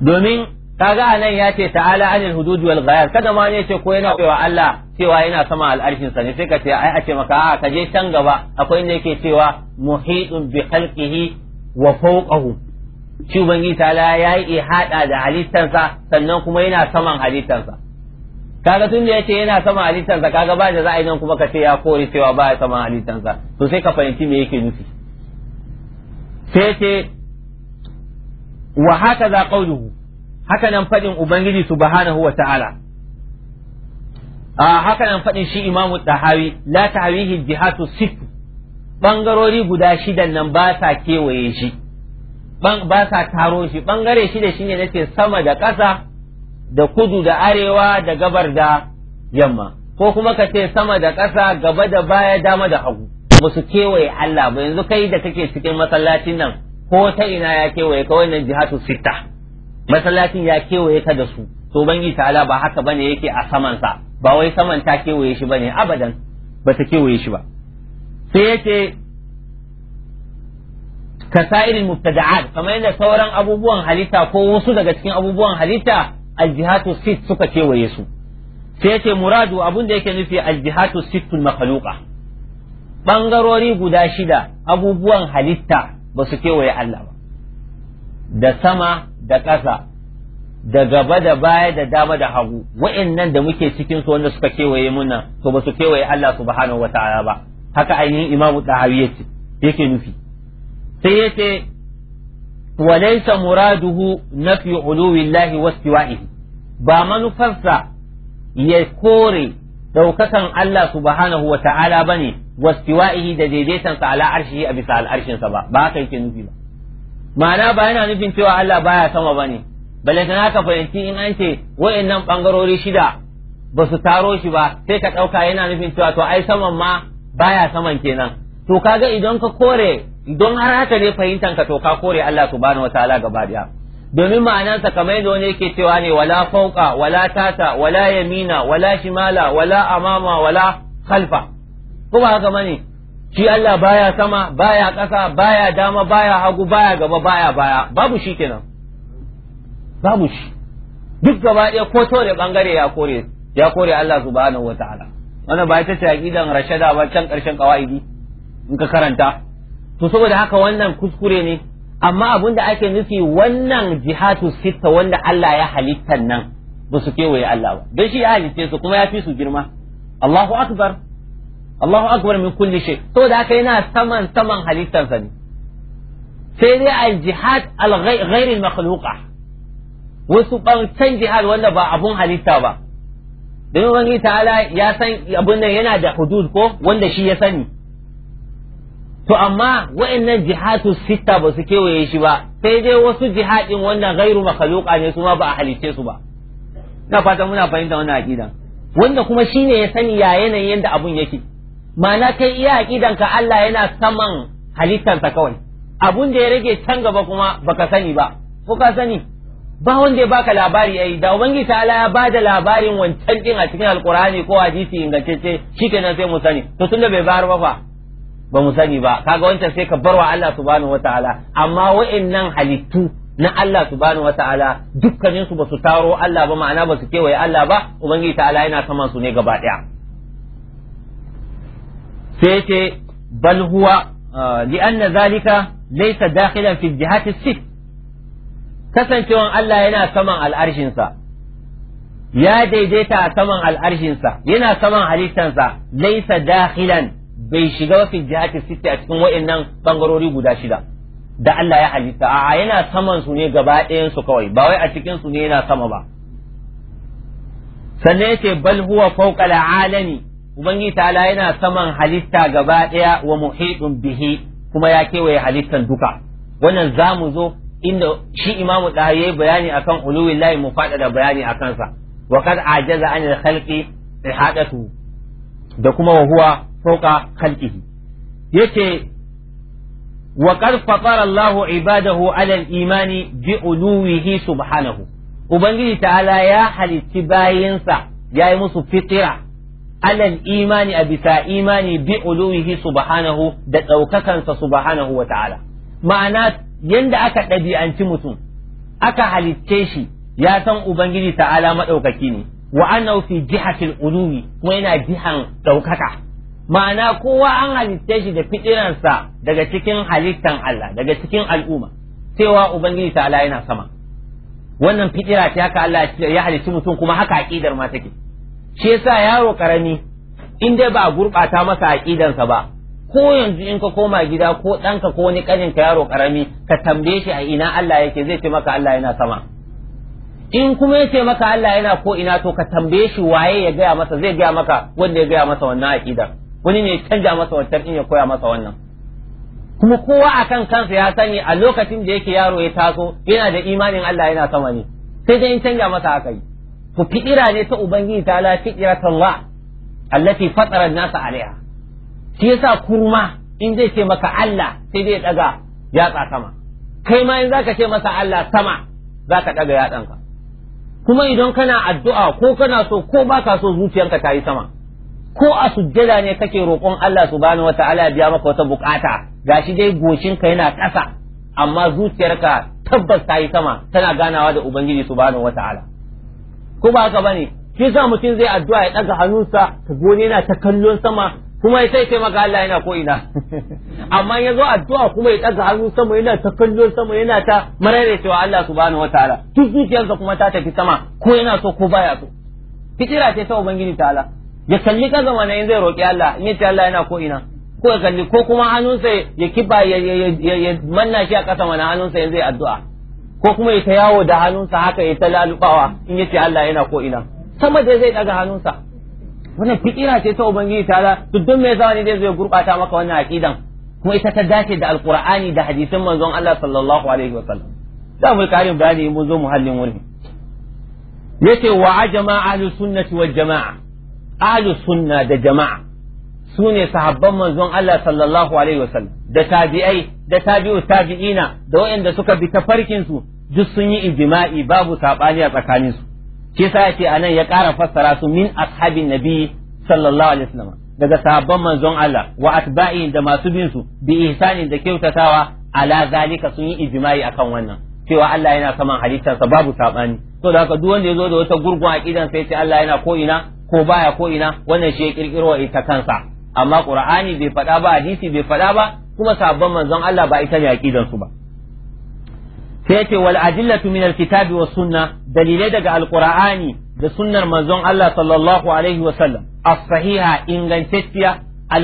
domin kaga anan ya ce ta'ala anil hudud wal ghayar kada ma ne ce ko yana cewa Allah cewa yana sama al'arshin sa ne sai ka ce ai a ce maka a kaje can gaba akwai ne yake cewa muhidun bi khalqihi wa fawqahu shi ubangiji tala ya yi hada da halittansa sannan kuma yana saman halittansa kaga tun da yace yana saman halittansa kaga ba da za a yi nan kuma ka ce ya kore cewa ba ya saman halittansa to sai ka fahimci me yake nufi sai ce wa haka za qauluhu haka nan fadin ubangiji subhanahu wa ta'ala haka nan fadin shi imamu tahawi la tahawihi jihatu sit bangarori guda shidan nan ba sa kewaye shi ba sa taro shi bangare shida shine nace sama da ƙasa da kudu da arewa da gabar da yamma ko kuma ka ce sama da ƙasa gaba da baya dama da hagu ba su kewaye Allah ba yanzu kai da kake cikin masallacin nan ko ta ina ya kewaye ka wannan jihatu sita masallacin ya kewaye ka da su to bangi ta'ala ba haka bane yake a saman sa ba wai saman ta kewaye shi bane abadan ba ta kewaye shi ba sai yake kasairin mubtada'at kamar yadda sauran abubuwan halitta ko wasu daga cikin abubuwan halitta aljihatu sit suka kewaye su sai yace muradu abun da yake nufi aljihatu sittul makhluqa bangarori guda shida abubuwan halitta ba su kewaye Allah ba da sama da ƙasa da gaba da baya da dama da hagu wa'annan da muke cikin su wanda suka kewaye muna to ba su kewaye Allah subhanahu wataala ba haka ainihin imamu dahawi yake nufi sai ya ce laysa muraduhu nafi llahi wastiwa'ihi ba manufarsa ya kore daukakan Allah subhanahu wata'ala ta'ala bane wastiwa'ihi da daidaitansa ala arshihi a bisa sa ba ba haka yake nufi ba ma'ana ba yana nufin cewa Allah baya sama bane kana ka fahimci in an ce wayannan bangarori shida ba su taro shi ba sai ka ɗauka yana nufin cewa to ai saman ma baya saman kenan to kaga idan ka kore don har haka ne fahimtan ka to ka kore Allah subhanahu ta'ala gaba daya domin sa kamar yadda wani yake cewa ne wala Fauka wala tata wala yamina wala shimala wala amama wala khalfa ko ba haka bane shi Allah baya sama baya ƙasa baya dama baya hagu baya gaba baya baya babu shi kenan babu shi duk gaba daya ko to da bangare ya kore ya kore Allah subhanahu ta'ala wannan ba ita ce aqidan rashada ba can ƙarshen kawaidi in ka karanta to saboda haka wannan kuskure ne amma abin da ake nufi wannan jihatu sitta wanda Allah ya halitta nan ba su kewaye Allah ba don shi ya halitte su kuma ya fi su girma Allahu akbar Allahu akbar min kulli shay saboda haka yana saman saman sa ne sai dai al jihad al ghairi al makhluqa wasu bancan jihad wanda ba abun halitta ba domin ubangiji ta'ala ya san abun nan yana da hudud ko wanda shi ya sani to amma wa'annan jihatu sita ba su kewaye shi ba sai dai wasu jihadin wannan gairu makhluqa ne su ma ba a halice su ba na fata muna fahimta wannan aqidan wanda kuma shine ya sani ya yanayin yanda abun yake ma'ana kai iya aqidan ka Allah yana saman halittarsa kawai abun da ya rage can gaba kuma baka sani ba ko ka sani ba wanda ya baka labari ai da ubangiji ta'ala ya bada labarin wancan din a cikin alqur'ani ko hadisi ingantacce shikenan sai mu sani to tunda bai bayar ba fa ba mu sani ba kaga wancan sai ka barwa Allah subhanahu wataala amma wa'annan halittu na Allah subhanahu wataala dukkanin su basu taro Allah ba ma'ana basu kewaye Allah ba ubangiji ta'ala yana saman su ne gaba daya sai ce bal huwa ah, li'anna zalika laysa dakhilan fi jihati sit kasancewan Allah yana saman al'arshin sa ya daidaita a saman al'arshin sa yana saman halittansa laysa dakhilan bai shiga mafi jihati sitti a cikin wa'annan bangarori guda shida da Allah ya halitta a'a yana saman su ne gaba su kawai ba wai a cikin su ne yana sama ba sannan yace bal huwa fawqa alami ubangiji ta'ala yana saman halitta gaba ɗaya wa muhitun bihi kuma ya kewaye halittan duka wannan zamu zo inda shi imamu da yayi bayani akan uluwillahi mu faɗa da bayani akan sa wa kad ajaza anil khalqi ihadatu da kuma wa huwa fauka khalqihi yace wa qad fatara Allah ibadahu ala imani bi uluwihi subhanahu ubangiji ta'ala ya halitti bayinsa yayi musu fitira ala imani a bisa imani bi uluwihi subhanahu da ɗaukakansa subhanahu wa ta'ala ma'ana yanda aka ɗabi'anci mutum aka halicce shi ya san ubangiji ta'ala madaukaki ne wa annahu fi jihatil uluwi kuma yana jihan ɗaukaka. ma'ana kowa an halitta shi da fitirarsa daga cikin halittan Allah daga cikin al'umma cewa ubangiji ta'ala yana sama wannan fitira ta haka Allah ya halicci mutum kuma haka aqidar ma take shi yasa yaro karami in dai ba a gurbata masa aqidansa ba ko yanzu in ka koma gida ko ɗanka ko wani ƙanin ka yaro karami ka tambaye shi a ina Allah yake zai ce maka Allah yana sama in kuma ya ce maka Allah yana ko ina to ka tambaye shi waye ya gaya masa zai gaya maka wanda ya gaya masa wannan aqidar wani ne canja masa wancan in ya koya masa wannan kuma kowa a kan kansa ya sani a lokacin da yake yaro ya taso yana da imanin Allah yana sama ne sai dai in canja masa haka yi to fitira ne ta ubangiji ta la fitratullah allati fatara nasa a alaiha shi yasa kurma in zai ce maka Allah sai dai ya daga yatsa sama kai ma in zaka ce masa Allah sama zaka daga yatsanka kuma idan kana addu'a ko kana so ko baka so zuciyarka ta yi sama ko a sujjada ne kake roƙon Allah subhanahu ta'ala ya biya maka wata bukata gashi dai goshinka yana ƙasa amma zuciyarka tabbas ta yi sama tana ganawa da ubangiji subhanahu ta'ala ko ba haka bane shi sa mutum zai addu'a ya daga hannunsa ka gone yana ta kallon sama kuma sai sai maka Allah yana ko ina [laughs] amma ya zo addu'a kuma ya daga hannun sama yana ta kallon sama yana ta marare cewa Allah subhanahu ta'ala duk zuciyarsa kuma ta tafi sama ko yana so ko baya so fitira ce ta ubangiji ta'ala ya kalli kaza mana in zai roƙi Allah in yace Allah yana ko ina ko ya kalli ko kuma hannunsa ya kiba ya manna shi a ƙasa mana hannunsa in zai addu'a ko kuma ya ta yawo da hannunsa haka ya ta lalubawa in yace Allah yana ko ina sama da zai daga hannunsa wannan fikira ce ta ubangiji ta duk don mai zawani zai gurɓata maka wannan aqidan kuma ita ta dace da alqur'ani da hadisin manzon Allah sallallahu alaihi sallam da mu karin bayani mun zo muhallin wurin yace wa ajama ahlus sunnati wal jama'a ahlu sunna da jama'a su ne sahabban manzon Allah sallallahu alaihi wasallam da tabi'ai da tabi'u tabi'ina da waɗanda suka bi ta farkin su duk sun yi ijma'i babu sabani a tsakanin su shi yasa yace anan ya ƙara fassara su min ashabin nabi sallallahu alaihi wasallam daga sahabban manzon Allah wa atba'i da masu bin su bi ihsanin da kyautatawa ala zalika sun yi ijma'i akan wannan cewa Allah yana saman halittarsa babu sabani to da haka duk wanda ya zo da wata gurgun aqidan sai ce Allah yana ko ina ko baya ko ina wannan shi ya kirkiro ita kansa amma qur'ani bai faɗa ba hadisi bai faɗa ba kuma sabon manzon Allah ba ita ne aqidar su ba sai ce wal adillatu min alkitabi was sunna dalilai daga alqur'ani da sunnar manzon Allah sallallahu alaihi wa sallam as-sahiha ingantacciya al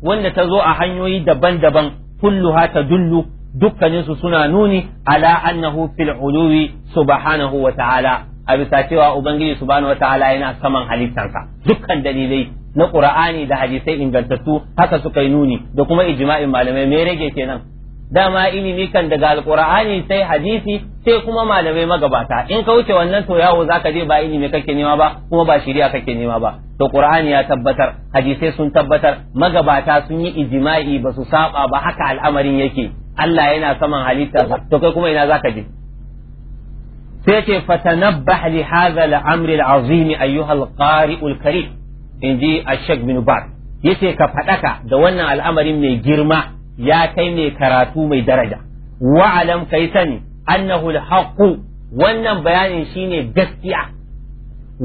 wanda ta zo a hanyoyi daban-daban kulluha tadullu dukkaninsu suna nuni ala annahu fil uluwi subhanahu wa ta'ala a bisa cewa ubangiji subhanahu wataala yana saman halittarsa dukkan dalilai na qur'ani da hadisai ingantattu haka suka yi nuni da kuma ijma'in malamai me rage kenan dama ilimi kan daga alqur'ani sai hadisi sai kuma malamai magabata in ka wuce wannan to yawo zaka je ba ilimi kake nema ba kuma ba shari'a kake nema ba to qur'ani ya tabbatar hadisai sun tabbatar magabata sun yi ijma'i ba su saba ba haka al'amarin yake Allah yana saman halitta to kai kuma ina zaka je sai ce fatanabbah li hadha al-amri al-azim ayyuha al-qari al-karim inji ash-shaykh bin bar yace ka fadaka da wannan al'amarin mai girma ya kai mai karatu mai daraja wa alam kai sani annahu al wannan bayanin shine gaskiya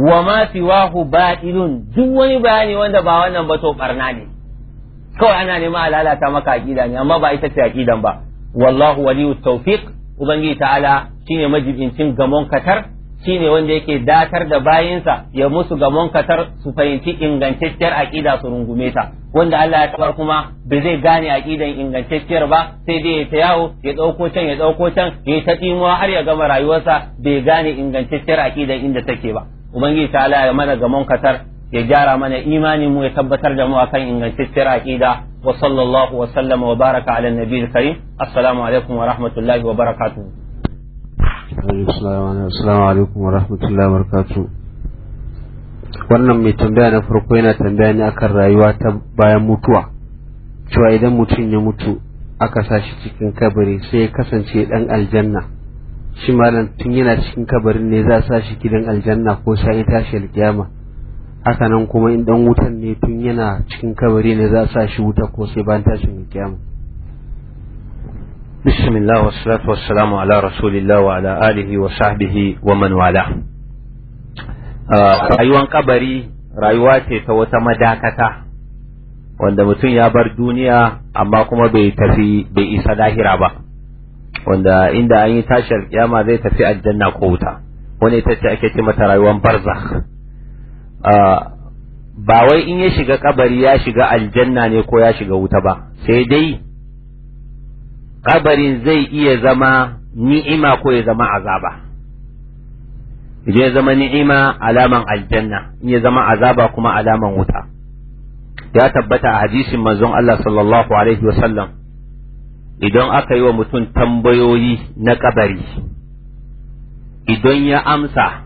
wa ma siwahu batilun duk wani bayani wanda ba wannan ba to barna ne kawai ana nema a lalata maka aqida ne amma ba ita ce aqidan ba wallahu waliyut tawfiq ubangiji ta'ala shine majibincin gamon katar shi ne wanda yake datar da bayansa ya musu gamon katar su fahimci ingantacciyar aƙida su rungume ta wanda Allah ya tabar kuma ba zai gane aƙidan ingantacciyar ba sai dai ya ta yawo ya ɗauko can ya ɗauko can ya ta ɗimuwa har ya gama rayuwarsa bai gane ingantacciyar aƙidan inda take ba ubangiji ta'ala ya mana gamon katar ya gyara mana imani mu ya tabbatar da mu akan ingantacciyar aqida wa sallallahu wa sallama wa baraka ala nabiyil karim assalamu alaikum wa rahmatullahi wa barakatuh assalamu alaikum wa rahmatullahi wa barakatuh wannan mai tambaya na farko yana tambaya ne akan rayuwa ta bayan mutuwa cewa idan mutum ya mutu aka sa shi cikin kabari sai ya kasance dan aljanna shi malam tun yana cikin kabarin ne za a sa shi gidan aljanna ko sai ya tashi alkiyama haka nan kuma in dan wutan ne tun yana cikin kabari ne za a sa shi wuta ko sai bayan tashin kiyama bismillah wassalatu wassalamu ala rasulillah wa ala alihi wa sahbihi wa man wala ah, rayuwan kabari rayuwa ce ta wata madakata wanda mutum ya bar duniya amma kuma bai tafi bai isa lahira ba wanda inda an yi tashar kiyama zai tafi aljanna ko wuta wani ita ce ake ce mata rayuwar barzakh ba wai in ya shiga kabari ya shiga aljanna ne ko ya shiga wuta ba sai dai kabarin zai iya zama ni'ima ko ya zama azaba idan ya zama ni'ima alaman aljanna in ya zama azaba kuma alaman wuta ya tabbata a hadisin manzon Allah sallallahu alaihi wasallam idan aka yi wa mutum tambayoyi na kabari idan ya amsa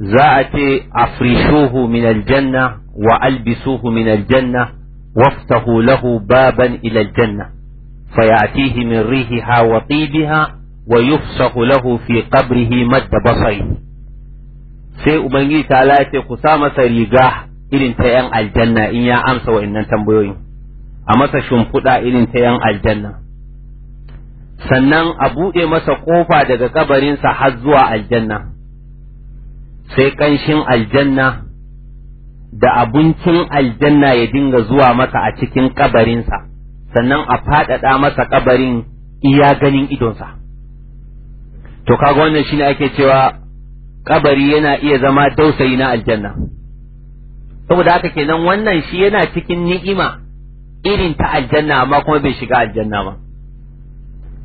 za a ce afrishuhu min aljanna wa albisuhu min aljanna waftahu lahu baban ila aljanna fayatihi min rihiha wa tibiha wa yufsahu lahu fi qabrihi madda basari sai ubangiji ta ya ce ku sa masa riga irin ta yan aljanna in ya amsa wa'annan tambayoyin a masa shimfiɗa irin ta yan aljanna sannan a buɗe masa ƙofa daga kabarinsa har zuwa aljanna sai ƙanshin aljanna da abincin aljanna ya dinga zuwa maka a cikin kabarinsa sannan a faɗaɗa masa kabarin iya ganin idonsa to kaga wannan shine ake cewa ƙabari yana iya zama dausayi na aljanna saboda haka kenan wannan shi yana cikin ni'ima irin ta aljanna amma kuma bai shiga aljanna ba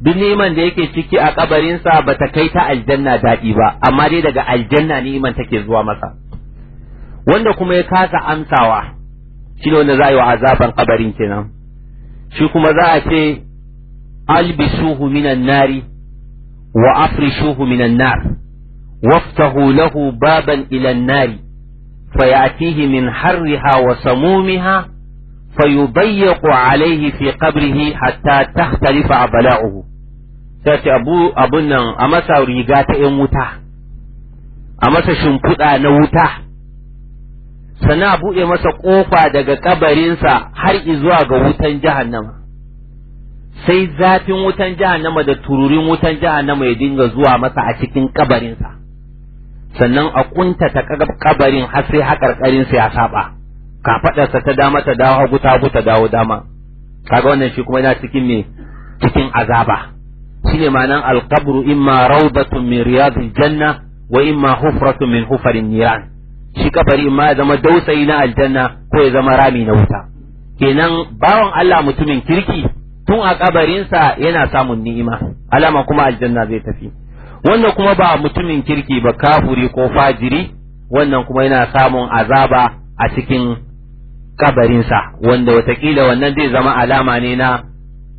duk neman da yake ciki a kabarinsa ba ta kai ta aljanna daɗi ba amma dai daga aljanna niman take zuwa masa wanda kuma ya kasa amsawa shi ne wanda za a yi wa azaban kabarin kenan shi kuma za a ce albisuhu minan nari wa afrishuhu minan nar waftahu lahu baban ilan nari فيأتيه من wa وسمومها فيضيق عليه في قبره حتى تختلف عضلاؤه ta ce abun nan a masa riga ta ‘yan wuta a masa shimfiɗa na wuta sannan a buɗe masa ƙofa daga ƙabarinsa har izuwa ga wutan jahannama sai zafin wutan jahannama da tururin wutan jahannama ya dinga zuwa masa a cikin ƙabarinsa sannan a ƙuntata ƙabarin har sai haƙarƙarinsa ya saba kafaɗarsa ta dama ta dawo hagu ta hagu ta dawo dama kaga wannan shi kuma yana cikin me cikin azaba Shi shine ma'anan in imma raubatu min riyadil janna wa imma hufratu min hufarin niran shi kabari ma ya zama dausayi na aljanna ko ya zama rami na wuta kenan bawan Allah mutumin kirki tun a kabarinsa yana samun ni'ima alama kuma aljanna zai tafi wannan kuma ba mutumin kirki ba kafuri ko fajiri wannan kuma yana samun azaba a cikin kabarinsa wanda watakila wannan zai zama alama ne na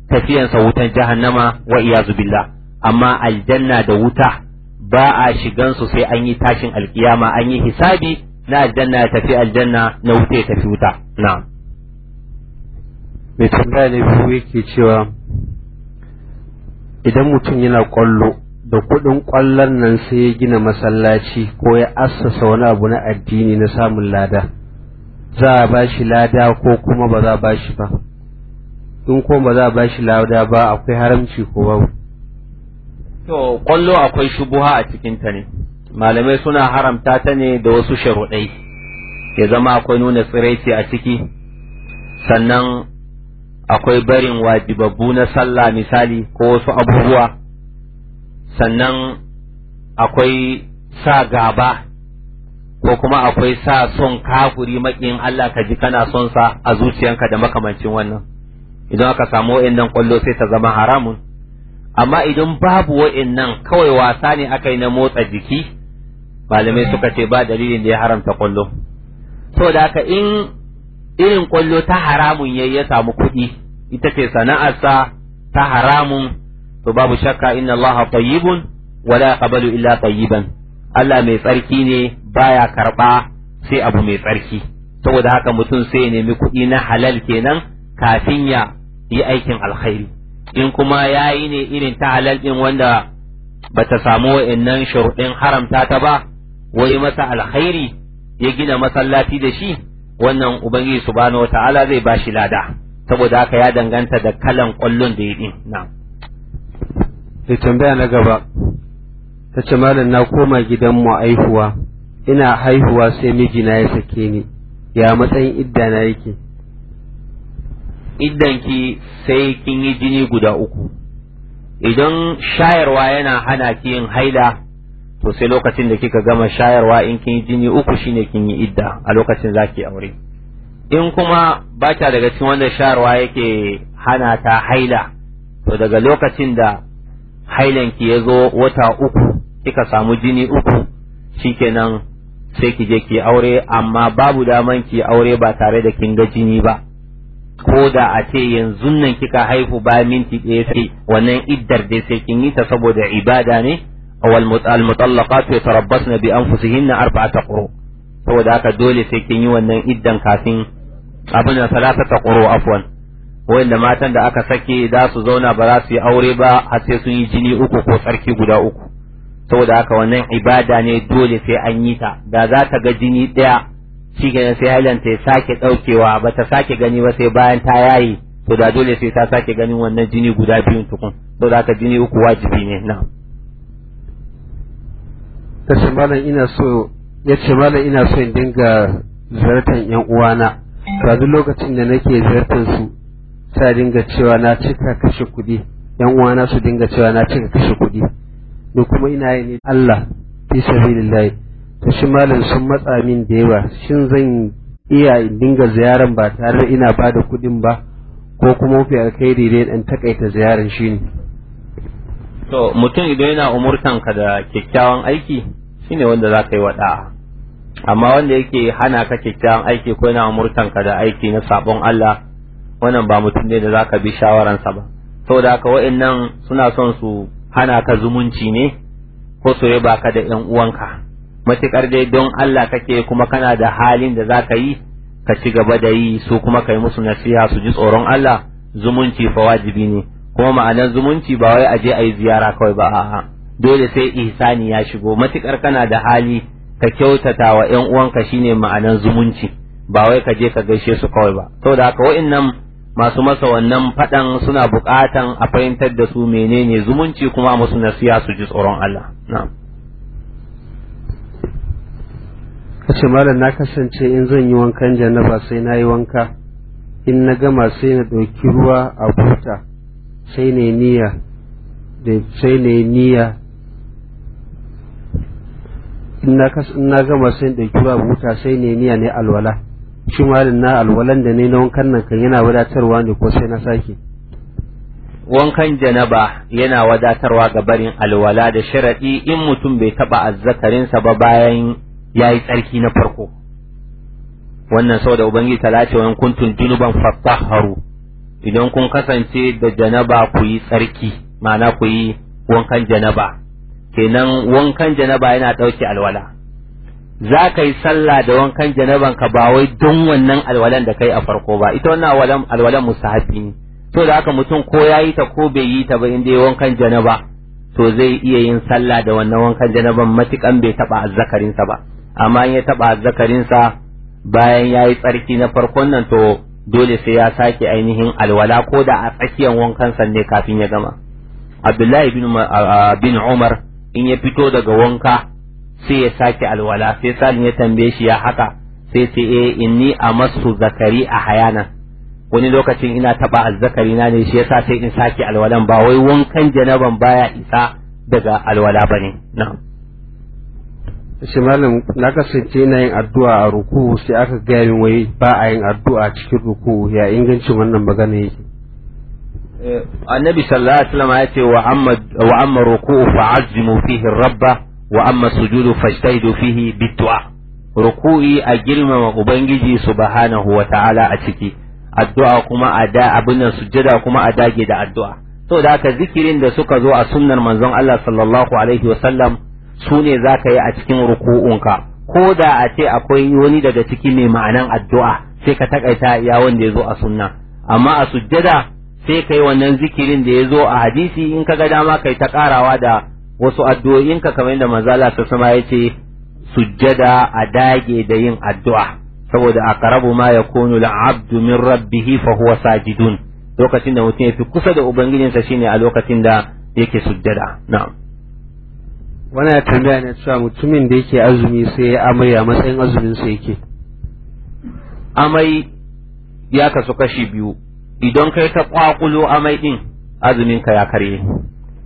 tafiyansa wutan jahannama wa iyazu billah amma aljanna da wuta ba a shigan su sai an yi tashin alkiyama an yi hisabi na aljanna ya tafi aljanna na wuta ya tafi wuta na mai tambaya ne biyu yake cewa idan mutum yana kwallo da kuɗin kwallon nan sai ya gina masallaci ko ya assasa wani abu na addini na samun lada za a ba shi lada ko kuma ba za a ba shi ba in ko ba za a bashi lada ba akwai haramci ko babu to kwallo akwai shubuha a cikin ta ne malamai suna haramta ta ne da wasu sharuɗai ya zama akwai nuna tsiraici a ciki sannan akwai barin wajibabbu na sallah misali ko wasu abubuwa sannan akwai sa gaba ko kuma akwai sa son kafuri maƙin Allah ka ji kana son sa a zuciyanka da makamancin wannan idan aka samu wa'annan kwallo sai ta zama haramun amma idan babu wa'in nan kawai wasa ne aka yi na motsa jiki malamai suka ce ba dalilin da ya haramta kwallo saboda aka in irin kwallo ta haramun yayi ya samu kuɗi ita ce sana'arsa ta haramun to babu shakka inna allaha tayyibun wala yaqbalu illa tayyiban Allah mai tsarki ne baya karba sai abu mai tsarki saboda haka mutum sai ya nemi kuɗi na halal kenan kafin ya yi aikin alkhairi in kuma ya yi ne irin ta halal din wanda bata samu wa'annan sharuɗin haramta ta ba wai masa alkhairi ya gina masallaci da shi wannan ubangiji subhanahu wataala zai ba shi lada saboda haka ya danganta da kalan kwallon da ya din na da tambaya na gaba ta ce malam na koma gidan mu aihuwa ina haihuwa sai mijina ya sake ni ya matsayin idda na yake idan ki sai kin yi jini guda uku idan shayarwa yana hana ki yin haila to sai lokacin da kika gama shayarwa in kin yi jini uku shine kin yi idda a lokacin zaki aure in kuma ba ta daga cikin wanda shayarwa yake hana ta haila to daga lokacin da ki ya zo wata uku kika samu jini uku shikenan sai ki je ki aure amma babu daman ki aure ba tare da kin ga jini ba ko da a ce yanzu nan kika haifu ba minti ɗaya sai wannan iddar dai sai kin yi ta saboda ibada ne awal fi tarabbasna bi anfusihinna arba'ata quru saboda haka dole sai kin yi wannan iddan kafin abin da salatata quru afwan wanda matan da aka sake za su zauna ba za su yi aure ba har sai sun yi jini uku ko tsarki guda uku saboda haka wannan ibada ne dole sai an yi ta da za ta ga jini ɗaya shi ga sai hailan ta sake daukewa ba ta sake gani ba sai bayan ta yayi to da dole sai ta sake ganin wannan jini guda biyun tukun to zaka jini uku wajibi ne na tace malam ina so ce malam ina so in dinga ziyartar yan uwana to duk lokacin da nake ziyartar su sai dinga cewa na cika kashe kuɗi yan uwana su dinga cewa na cika kashe kuɗi ni kuma ina yi ni Allah fi sabilillah Ta shi malin sun matsa min da yawa shin zan iya dinga ziyaran ba tare ina bada da kuɗin ba ko kuma mafi alkhairi ne in takaita ziyaran shi ne to mutum idan yana umurtan ka da kyakkyawan aiki shine wanda za ka yi waɗa amma wanda yake hana ka kyakkyawan aiki ko yana umurtan da aiki na sabon Allah wannan ba mutum ne da za ka bi shawaransa ba saboda haka waɗannan suna son su hana ka zumunci ne ko su baka da yan uwanka matukar dai don Allah kake kuma kana da halin da za ka yi ka ci gaba da yi su kuma kai musu nasiha su ji tsoron Allah zumunci fa wajibi ne kuma ma'anar zumunci ba wai aje a yi ziyara kawai ba a'a dole sai ihsani ya shigo matukar kana da hali ka kyautata wa ƴan uwanka shine ma'anar zumunci ba wai ka je ka gaishe su kawai ba saboda haka wa'innan masu masa wannan faɗan suna buƙatan a fahimtar da su menene zumunci kuma musu nasiha su ji tsoron Allah na'am ce malam na kasance in zan yi wankan janaba sai na yi wanka in na gama sai na ɗauki ruwa a buta sai na niyya da sai na niyya in na gama sai na ɗauki ruwa a buta sai na niyya ne alwala shi malam na alwalan da ne na wankan nan kan yana wadatarwa ne ko sai na sake wankan janaba yana wadatarwa ga barin alwala da sharaɗi in mutum bai taɓa azzakarinsa ba bayan ya yi tsarki na farko wannan saboda ubangiji ta lace wani kuntun junuban fattaharu idan kun kasance da janaba ku yi tsarki ma'ana ku yi wankan janaba kenan wankan janaba yana ɗauke alwala za ka yi sallah da wankan janaban ka ba wai don wannan alwalan da kai a farko ba ita wannan alwalan alwalan musahabi ne to da haka mutum ko ya yi ta ko bai yi ta ba inda ya wankan janaba to zai iya yin sallah da wannan wankan janaban matukan bai taba azzakarinsa ba amma in ya taba sa bayan ya yi tsarki na farkon nan to dole sai ya sake ainihin alwala ko da a tsakiyar wankan ne kafin ya gama abdullahi bin umar in ya fito daga wanka sai ya sake alwala sai salim ya tambaye shi ya haka sai ce eh inni a masu zakari a hayana wani lokacin ina taba azzakari na ne shi yasa sai in sake alwalan ba wai wankan janaban baya isa daga alwala bane na'am shi malam na kasance na yin addu'a a ruku sai aka gaya min wai ba a yin addu'a cikin ruku ya ingancin wannan magana yake eh, annabi sallallahu alaihi wasallam ya ce wa amma wa amma ruku'u fa'azzimu fihi rabba wa amma sujudu fajtahidu fihi bid'a ruku'i a girmama ubangiji subhanahu wa ta'ala a ciki addu'a kuma a da abin nan sujjada kuma a dage da addu'a saboda haka zikirin da suka zo a sunnar manzon Allah sallallahu alaihi wasallam su ne za ka yi a cikin ruku'unka ko da a ce akwai wani daga ciki mai ma'anan addu'a sai ka takaita ya wanda ya zo a sunna amma a sujjada sai ka yi wannan zikirin da ya zo a hadisi in ka ga dama kai ta karawa da wasu addu'o'inka kamar yadda manzala ta sama ya ce sujjada a dage da yin addu'a saboda aqrabu ma yakunu al-abdu min fa huwa sajidun lokacin da mutum ya fi kusa da ubangijinsa shine a lokacin da yake sujjada na'am wani ya tambaya ne cewa mutumin da yake azumi sai ya amai a matsayin azumin sa yake amai ya kasu kashi biyu idan kai ta kwakulo amai din azumin ka ya karye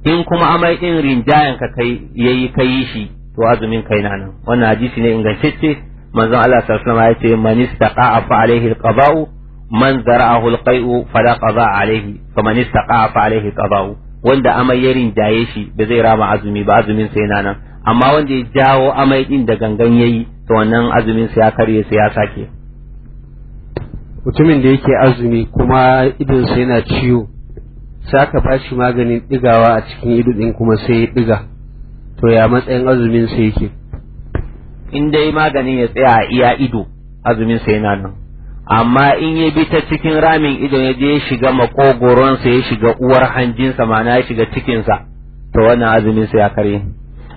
in kuma amai din rinjayen ka kai yayi kai shi to azumin kai na nan wannan hadisi ne ingantacce manzon Allah sallallahu alaihi wasallam ya ce man istaqa'a fa alaihi alqada'u man zara'ahu alqai'u fala qada'a alaihi man istaqa'a fa alaihi alqada'u wanda amai ya rinjaye shi ba zai rama azumi ba azumin sai na nan amma wanda ya jawo amai din da gangan yayi to wannan azumin sai ya karye sai ya sake mutumin da yake azumi kuma idon sai yana ciwo sai aka bashi maganin digawa a cikin ido din kuma sai ya diga to ya matsayin azumin sai yake in dai maganin ya tsaya a iya ido azumin sai yana nan amma in ya bi ta cikin ramin idon ya je ya shiga makogoronsa ya shiga uwar hanjinsa ma'ana ya shiga cikinsa to wannan azumin sa ya karye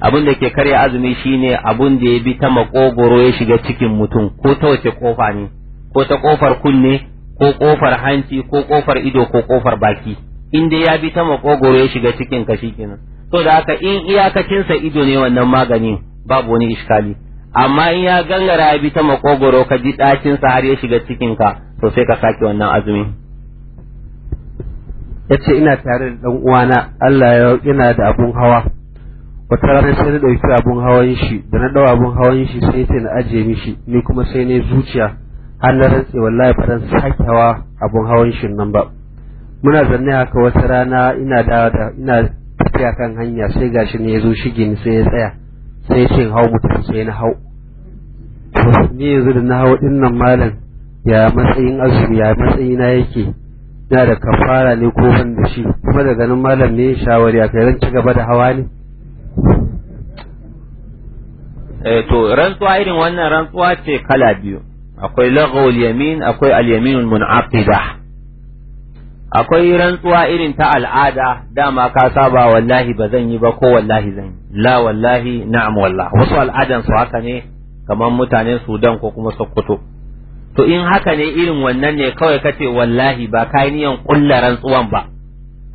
abin da ke karya azumi shine abun da ya bi ta makogoro ya shiga cikin mutum ko ta wace kofa ne ko ta kofar kunne ko kofar hanci ko kofar ido ko kofar baki in dai ya bi ta makogoro ya shiga cikin ka shikenan to da haka in sa ido ne wannan maganin babu wani iskali amma in ya gangara ya bi ta makogoro ka ji ɗakin sa har ya shiga cikin ka to sai ka sake wannan azumi yace ina tare da dan uwana Allah ya yana da abun hawa wata rana sai na dauki abun hawan shi da na ɗau abun hawan shi sai sai na aje mishi ni kuma sai ne zuciya har na rantse wallahi faran sake hawa abun hawan shi nan ba muna zanne haka wata rana ina da ina tafiya kan hanya sai gashi ne ya zo shige ni sai ya tsaya sai ya ce hau mutum sai na hau ni yanzu da na hau nan malam ya matsayin azumi ya na yake na da kafara ne ko ban da shi kuma da ganin malam ne shawari a kairan ci gaba da hawa ne eh to rantsuwa irin wannan rantsuwa ce kala biyu akwai laghawul yamin akwai al-yaminul mun'aqida akwai rantsuwa irin ta al'ada dama ka saba wallahi ba zan yi ba ko wallahi zan yi la wallahi na'am wallah wasu al'adan su haka ne kamar mutanen Sudan ko kuma Sokoto to in haka ne irin wannan ne kawai kace wallahi ba kai niyan kullaran rantsuwan ba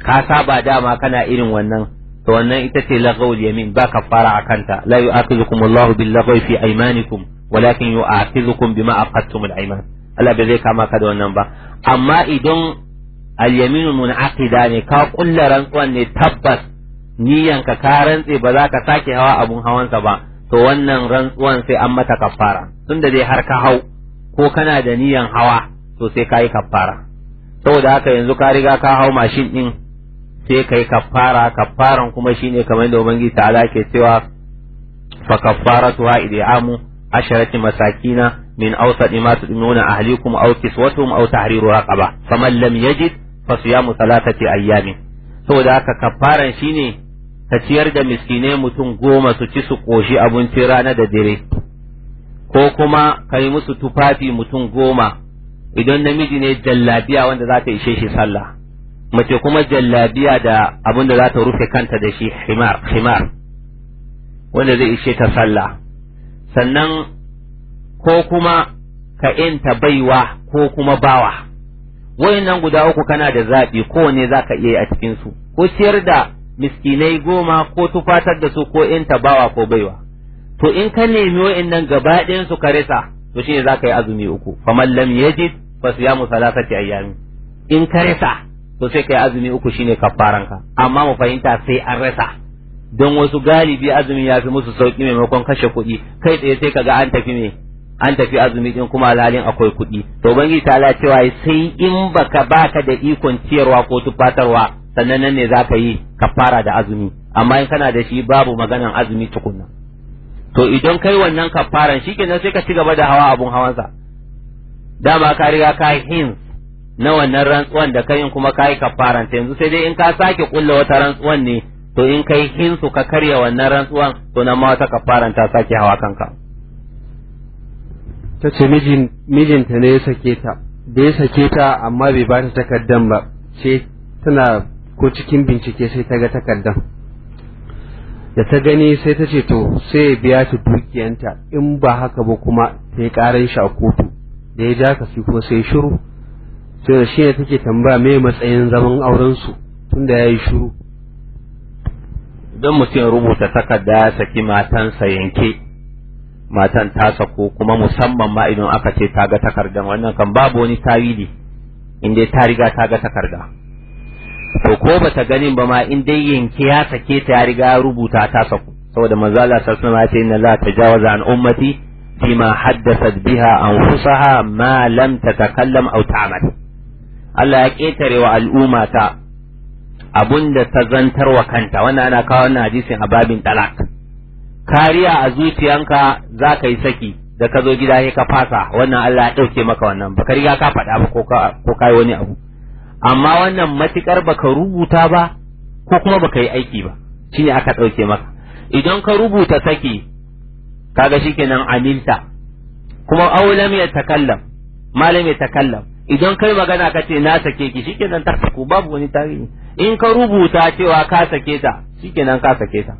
ka saba dama kana irin wannan to wannan ita ce lagawul yamin ba kafara akanta la yu'akhidhukum Allahu bil lagwi fi aymanikum walakin yu'akhidhukum bima aqadtum al ayman Allah bai zai kama ka da wannan ba amma idan al yaminu munaqida ne ka kullaran rantsuwan ne tabbas niyanka ka rantse ba za ka sake hawa abun hawansa ba to wannan rantsuwan sai an mata kafara tunda dai har ka hau ko kana da niyan hawa to sai kai kafara saboda haka yanzu ka riga ka hau mashin din sai kai kafara kafaran kuma shine kamar yadda ubangiji ta'ala ke cewa fa wa id'amu asharati masakina min awsati ma tudununa ahlikum aw kiswatum aw tahriru raqaba faman lam yajid fa siyamu thalathati ayyamin saboda haka kafaran shine ka ciyar da miskinai mutum goma su ci su ƙoshi abincin rana da dare ko kuma ka yi musu tufafi mutum goma idan namiji ne jallabiya wanda za ta ishe shi sallah mace kuma jallabiya da abin da za ta rufe kanta da shi himar himar wanda zai ishe ta sallah sannan ko kuma ka inta baiwa ko kuma bawa wayannan guda uku kana da zaɓi kowane za ka iya yi a cikinsu ko ciyar da miskinai goma ko tufatar da su ko in tabawa ko baiwa to in ka nemi wa'annan gaba ɗayan su ka rasa to shine zaka yi azumi uku faman lam yajid fa siyamu salasati ayyami in ka rasa to sai kai azumi uku shine kafaranka amma mu fahimta sai an rasa don wasu galibi azumi ya fi musu sauki maimakon kashe kuɗi kai tsaye sai kaga an tafi me an tafi azumi din kuma alhalin akwai kuɗi to bangi ta ala cewa sai in baka baka da ikon ciyarwa ko tufatarwa sannan nan ne zaka yi kafara da azumi amma in kana da shi babu maganan azumi tukunna to idan kai wannan kafaran shikenan sai ka ci gaba da hawa abun hawansa dama ka riga ka hin na wannan rantsuwan da kai kuma kai kafaran ta yanzu sai dai in ka sake kulla wata rantsuwan ne to in kai hin su ka karya wannan rantsuwan to nan ma wata kafaran ta sake hawa kanka ta ce mijinta ne ya sake ta da sake ta amma bai ba ta takardan ba ce tana ko cikin bincike sai ta ga takardan da ta gani sai ta ce to sai ya biya ta dukiyanta in ba haka ba kuma ta yi karan shi a kotu da ya ja kasi kuma sai shiru sai da shi ne take tambaya me matsayin zaman auren su tunda ya yi shiru Idan mutum ya rubuta takarda ya saki matansa yanke matan ta sako kuma musamman ma idan aka ce ta ga takardan wannan kan babu wani tawili in dai ta riga ta ga takarda to ko bata ganin ba ma in dai yanke ya sake ta ya riga rubuta ta saku saboda manzo Allah sallallahu alaihi wasallam ya ce la tajawaza an ummati bima haddathat biha anfusaha ma lam tatakallam aw ta'mal Allah ya ketare wa al'umma ta abunda ta zantarwa kanta wannan ana kawo wannan hadisin a babin talak kariya a zuciyanka za ka yi saki da ka zo gida sai ka fasa wannan Allah ya ɗauke maka wannan ba ka riga ka faɗa ba ko ka yi wani abu amma wannan matukar baka rubuta ba ko kuma baka yi aiki ba shi ne aka ɗauke maka idan ka rubuta saki kaga shi nan amilta kuma aulam ya takallam malam ya takallam idan kai magana ka ce na sake ki shi nan ta saku babu wani tarihi in ka rubuta cewa ka sake ta shi nan ka sake ta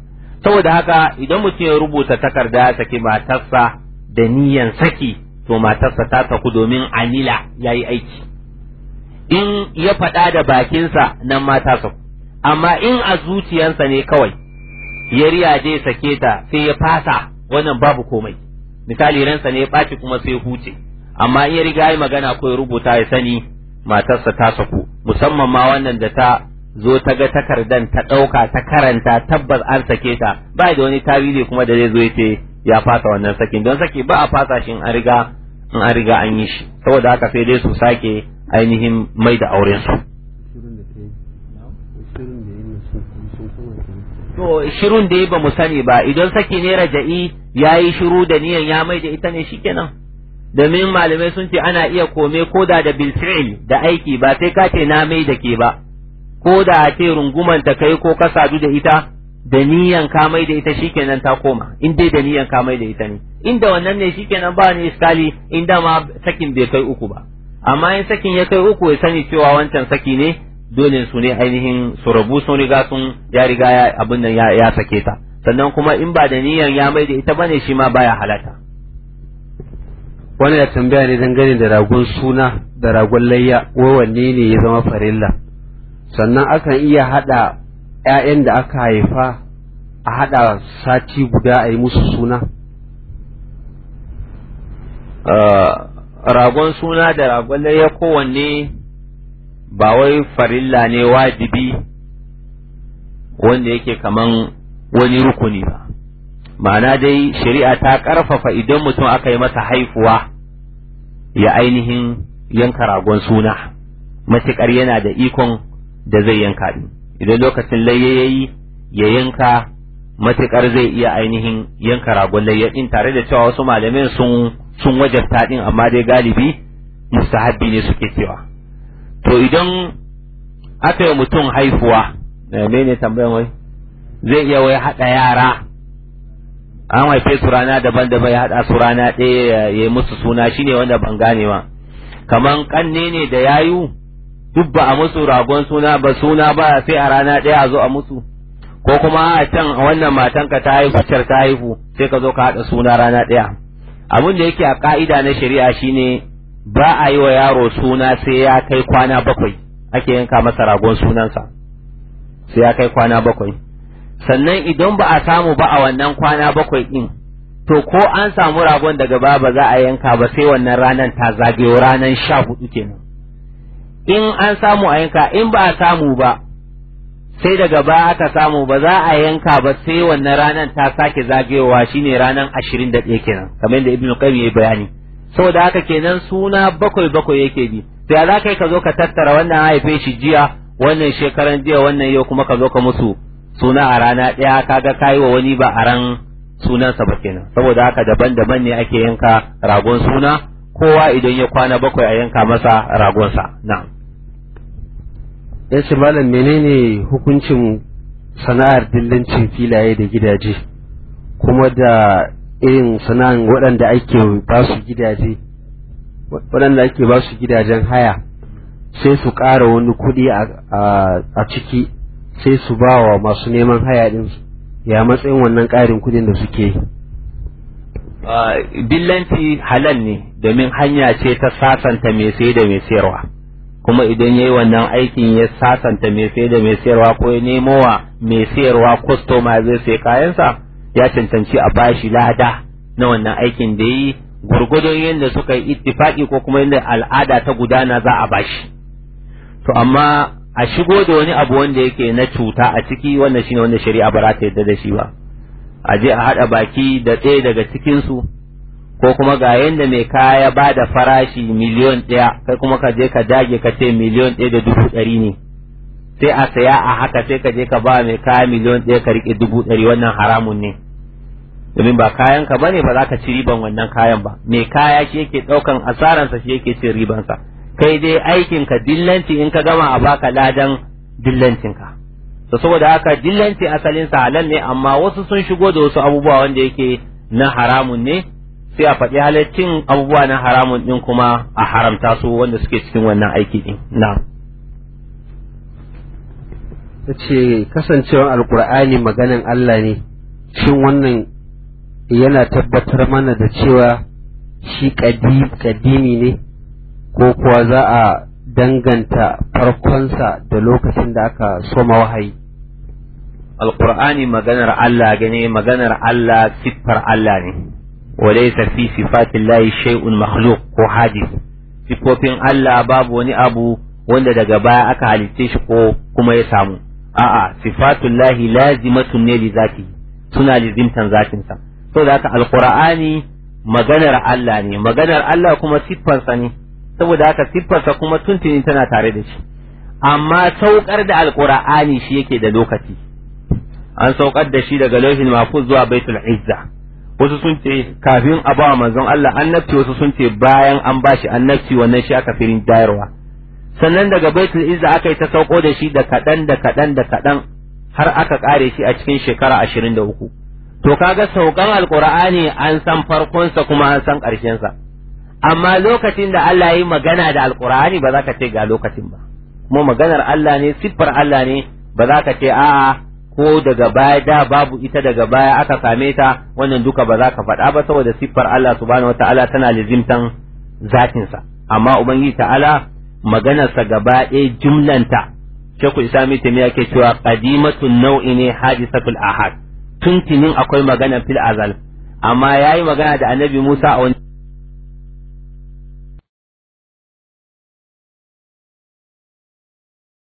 saboda haka idan mutum ya rubuta takarda ya sake matarsa da niyan saki to matarsa ta saku domin amila yi aiki in ya faɗa da bakinsa nan ma ta amma in a zuciyansa ne kawai ya riyaje sake ta sai ya fasa wannan babu komai misali ransa ne ya ɓaci kuma sai huce amma in ya riga ya magana ko ya rubuta ya sani matarsa ta saku musamman ma wannan da ta zo ta ga takardan ta ɗauka ta karanta tabbas an sake ta ba da wani tarihi kuma da zai zo ya ce ya fasa wannan sakin don sake ba a fasa shi in an riga an yi shi saboda haka sai dai su sake ainihin mai da aurensu to shirun da ba mu sani ba idan saki ne raja'i ya yi shiru da niyan ya mai da ita ne shikenan domin malamai sun ce ana iya kome koda da bilfi'il da aiki ba sai ka ce na mai da ke ba ko da ce runguman ta kai ko ka sadu da ita da niyan ka mai da ita shikenan ta koma in dai da niyan ka mai da ita ne inda wannan ne shikenan ba ne iskali inda ma sakin bai kai uku ba amma in sakin ya kai uku ya sani cewa wancan saki ne dole su ne ainihin su rabu sun riga sun ya riga abin nan ya sake ta sannan kuma in ba da niyan ya mai da ita bane shi ma baya halata wannan tambaya ne dangane da ragon suna da ragon layya wanne ne ya zama farilla sannan akan iya hada ƴaƴan da aka haifa a hada sati guda a yi musu suna ah, ragon suna da ragon layya kowanne ba wai farilla ne wajibi wanda yake kaman wani rukuni ba ma'ana dai shari'a ta ƙarfafa idan mutum aka yi masa haifuwa ya ainihin yanka ragon suna matuƙar yana da ikon da zai yanka idan lokacin layya ya yanka matukar zai iya ainihin yanka ragon layya ɗin tare da cewa wasu malamai sun sun wajabta ɗin amma dai galibi mustahabbi ne suke cewa to idan aka yi mutum haifuwa ne tambayan wai zai iya wai haɗa yara an haife su rana daban-daban ya haɗa su rana ɗaya ya yi musu suna shine wanda ban gane ba kaman ƙanne ne da yayu duk ba a musu ragon suna ba suna ba sai a rana ɗaya a zo a musu ko kuma a can wannan matanka ta haihu cikar ta haihu sai ka zo ka haɗa suna rana ɗaya abin da yake a ka'ida na shari'a shine ba a yi wa yaro suna sai ya kai kwana bakwai ake yanka masa ragon sunansa sai ya kai kwana bakwai sannan idan ba a samu ba a wannan kwana bakwai ɗin to ko an samu ragon daga ba ba za a yanka ba sai wannan ranar ta zagayo ranar sha hudu kenan in an samu a yanka in ba a samu ba sai daga ba aka samu ba za a yanka ba sai wannan ranar ta sake zagayowa shine ranar ashirin da ɗaya kenan kamar yadda ibnu qayyim ya bayani saboda haka kenan suna bakwai bakwai yake bi sai za kai ka zo ka tattara wannan haife shi jiya wannan shekaran jiya wannan yau kuma ka zo ka musu suna a rana ɗaya kaga kayi wa wani ba a ran sunansa ba kenan saboda haka daban-daban ne ake yanka ragon suna kowa idan ya kwana bakwai a yanka masa ragonsa na'am ya ce malam menene hukuncin sana'ar dillancin filaye da gidaje kuma da irin sana'an waɗanda ake ba su gidaje waɗanda ake ba su gidajen haya sai su ƙara wani kuɗi a ciki sai su ba wa masu neman haya ɗin ya matsayin wannan ƙarin kuɗin da suke ah, dillanci halal ne domin hanya ce ta sasanta mai sai da mai sayarwa kuma idan ya yi wannan aikin ya sasanta mai sai da mai sayarwa ko ya nemo wa mai sayarwa kwastoma zai sai kayansa ya cancanci a bashi lada na wannan aikin da yi gurgudun yadda suka yi ittifaki ko kuma yadda al'ada ta gudana za a bashi to amma a shigo da wani abu wanda yake na cuta a ciki wannan shine wanda shari'a ba za ta yarda da shi ba a je a haɗa baki da ɗaya daga cikinsu ko kuma ga yanda mai kaya ba da farashi miliyon ɗaya kai kuma ka je ka dage ka ce miliyon ɗaya da dubu ɗari ne sai a saya a haka sai ka je ka ba mai kaya miliyon ɗaya ka riƙe dubu ɗari wannan haramun ne domin ba kayan ka bane ba za ka ci riban wannan kayan ba mai kaya shi yake ɗaukan asaransa shi yake cin ribansa kai dai aikin ka dillanci in ka gama a baka ladan dillancin ka to saboda haka dillanci asalin sa halal ne amma wasu sun shigo da wasu abubuwa wanda yake na haramun ne sai a faɗi halaccin abubuwa na haramun ɗin kuma a haramta su wanda suke cikin wannan aiki ɗin na ta ce kasancewar alkur'ani maganin Allah ne shin wannan yana tabbatar mana da cewa shi ƙadimi ne ko kuwa za a danganta farkonsa da lokacin da aka soma wahayi alkur'ani maganar Allah gane maganar Allah siffar Allah ne وليس في صفات الله شيء مخلوق ko hadith sifofin Allah babu wani abu wanda daga baya aka halitte shi ko kuma ya samu a'a sifatullahi lazimatun ne li zati suna lizimtan zatin sa so haka alqur'ani maganar Allah ne maganar Allah kuma siffarsa ne saboda haka siffarsa kuma tuntuni tana tare da shi amma saukar da alqur'ani shi yake da lokaci an saukar da shi daga lauhin mahfuz zuwa baitul izza wasu sun ce kafin a ba manzon Allah annabci wasu sun ce bayan an bashi annabci wannan shi aka firin dayarwa sannan daga baitul izza aka yi ta sauko da shi da kaɗan da kaɗan da kaɗan har aka kare shi a cikin shekara ashirin to kaga saukan alƙur'ani an san farkonsa kuma an san sa amma lokacin da Allah yi magana da alƙur'ani ba za ka ce ga lokacin ba kuma maganar Allah ne siffar Allah ne ba za ka ce a'a ko daga baya da babu ita daga baya aka same ta wannan duka ba za ka faɗa ba saboda siffar Allah subhanahu wataala tana lizimtan zakinsa amma ubangiji ta'ala maganarsa gaba ɗaya jumlanta shekul islami taimiya ke cewa qadimatun nau'i ne hadisatul ahad tuntunin akwai magana fil azal amma yayi magana da annabi Musa a wani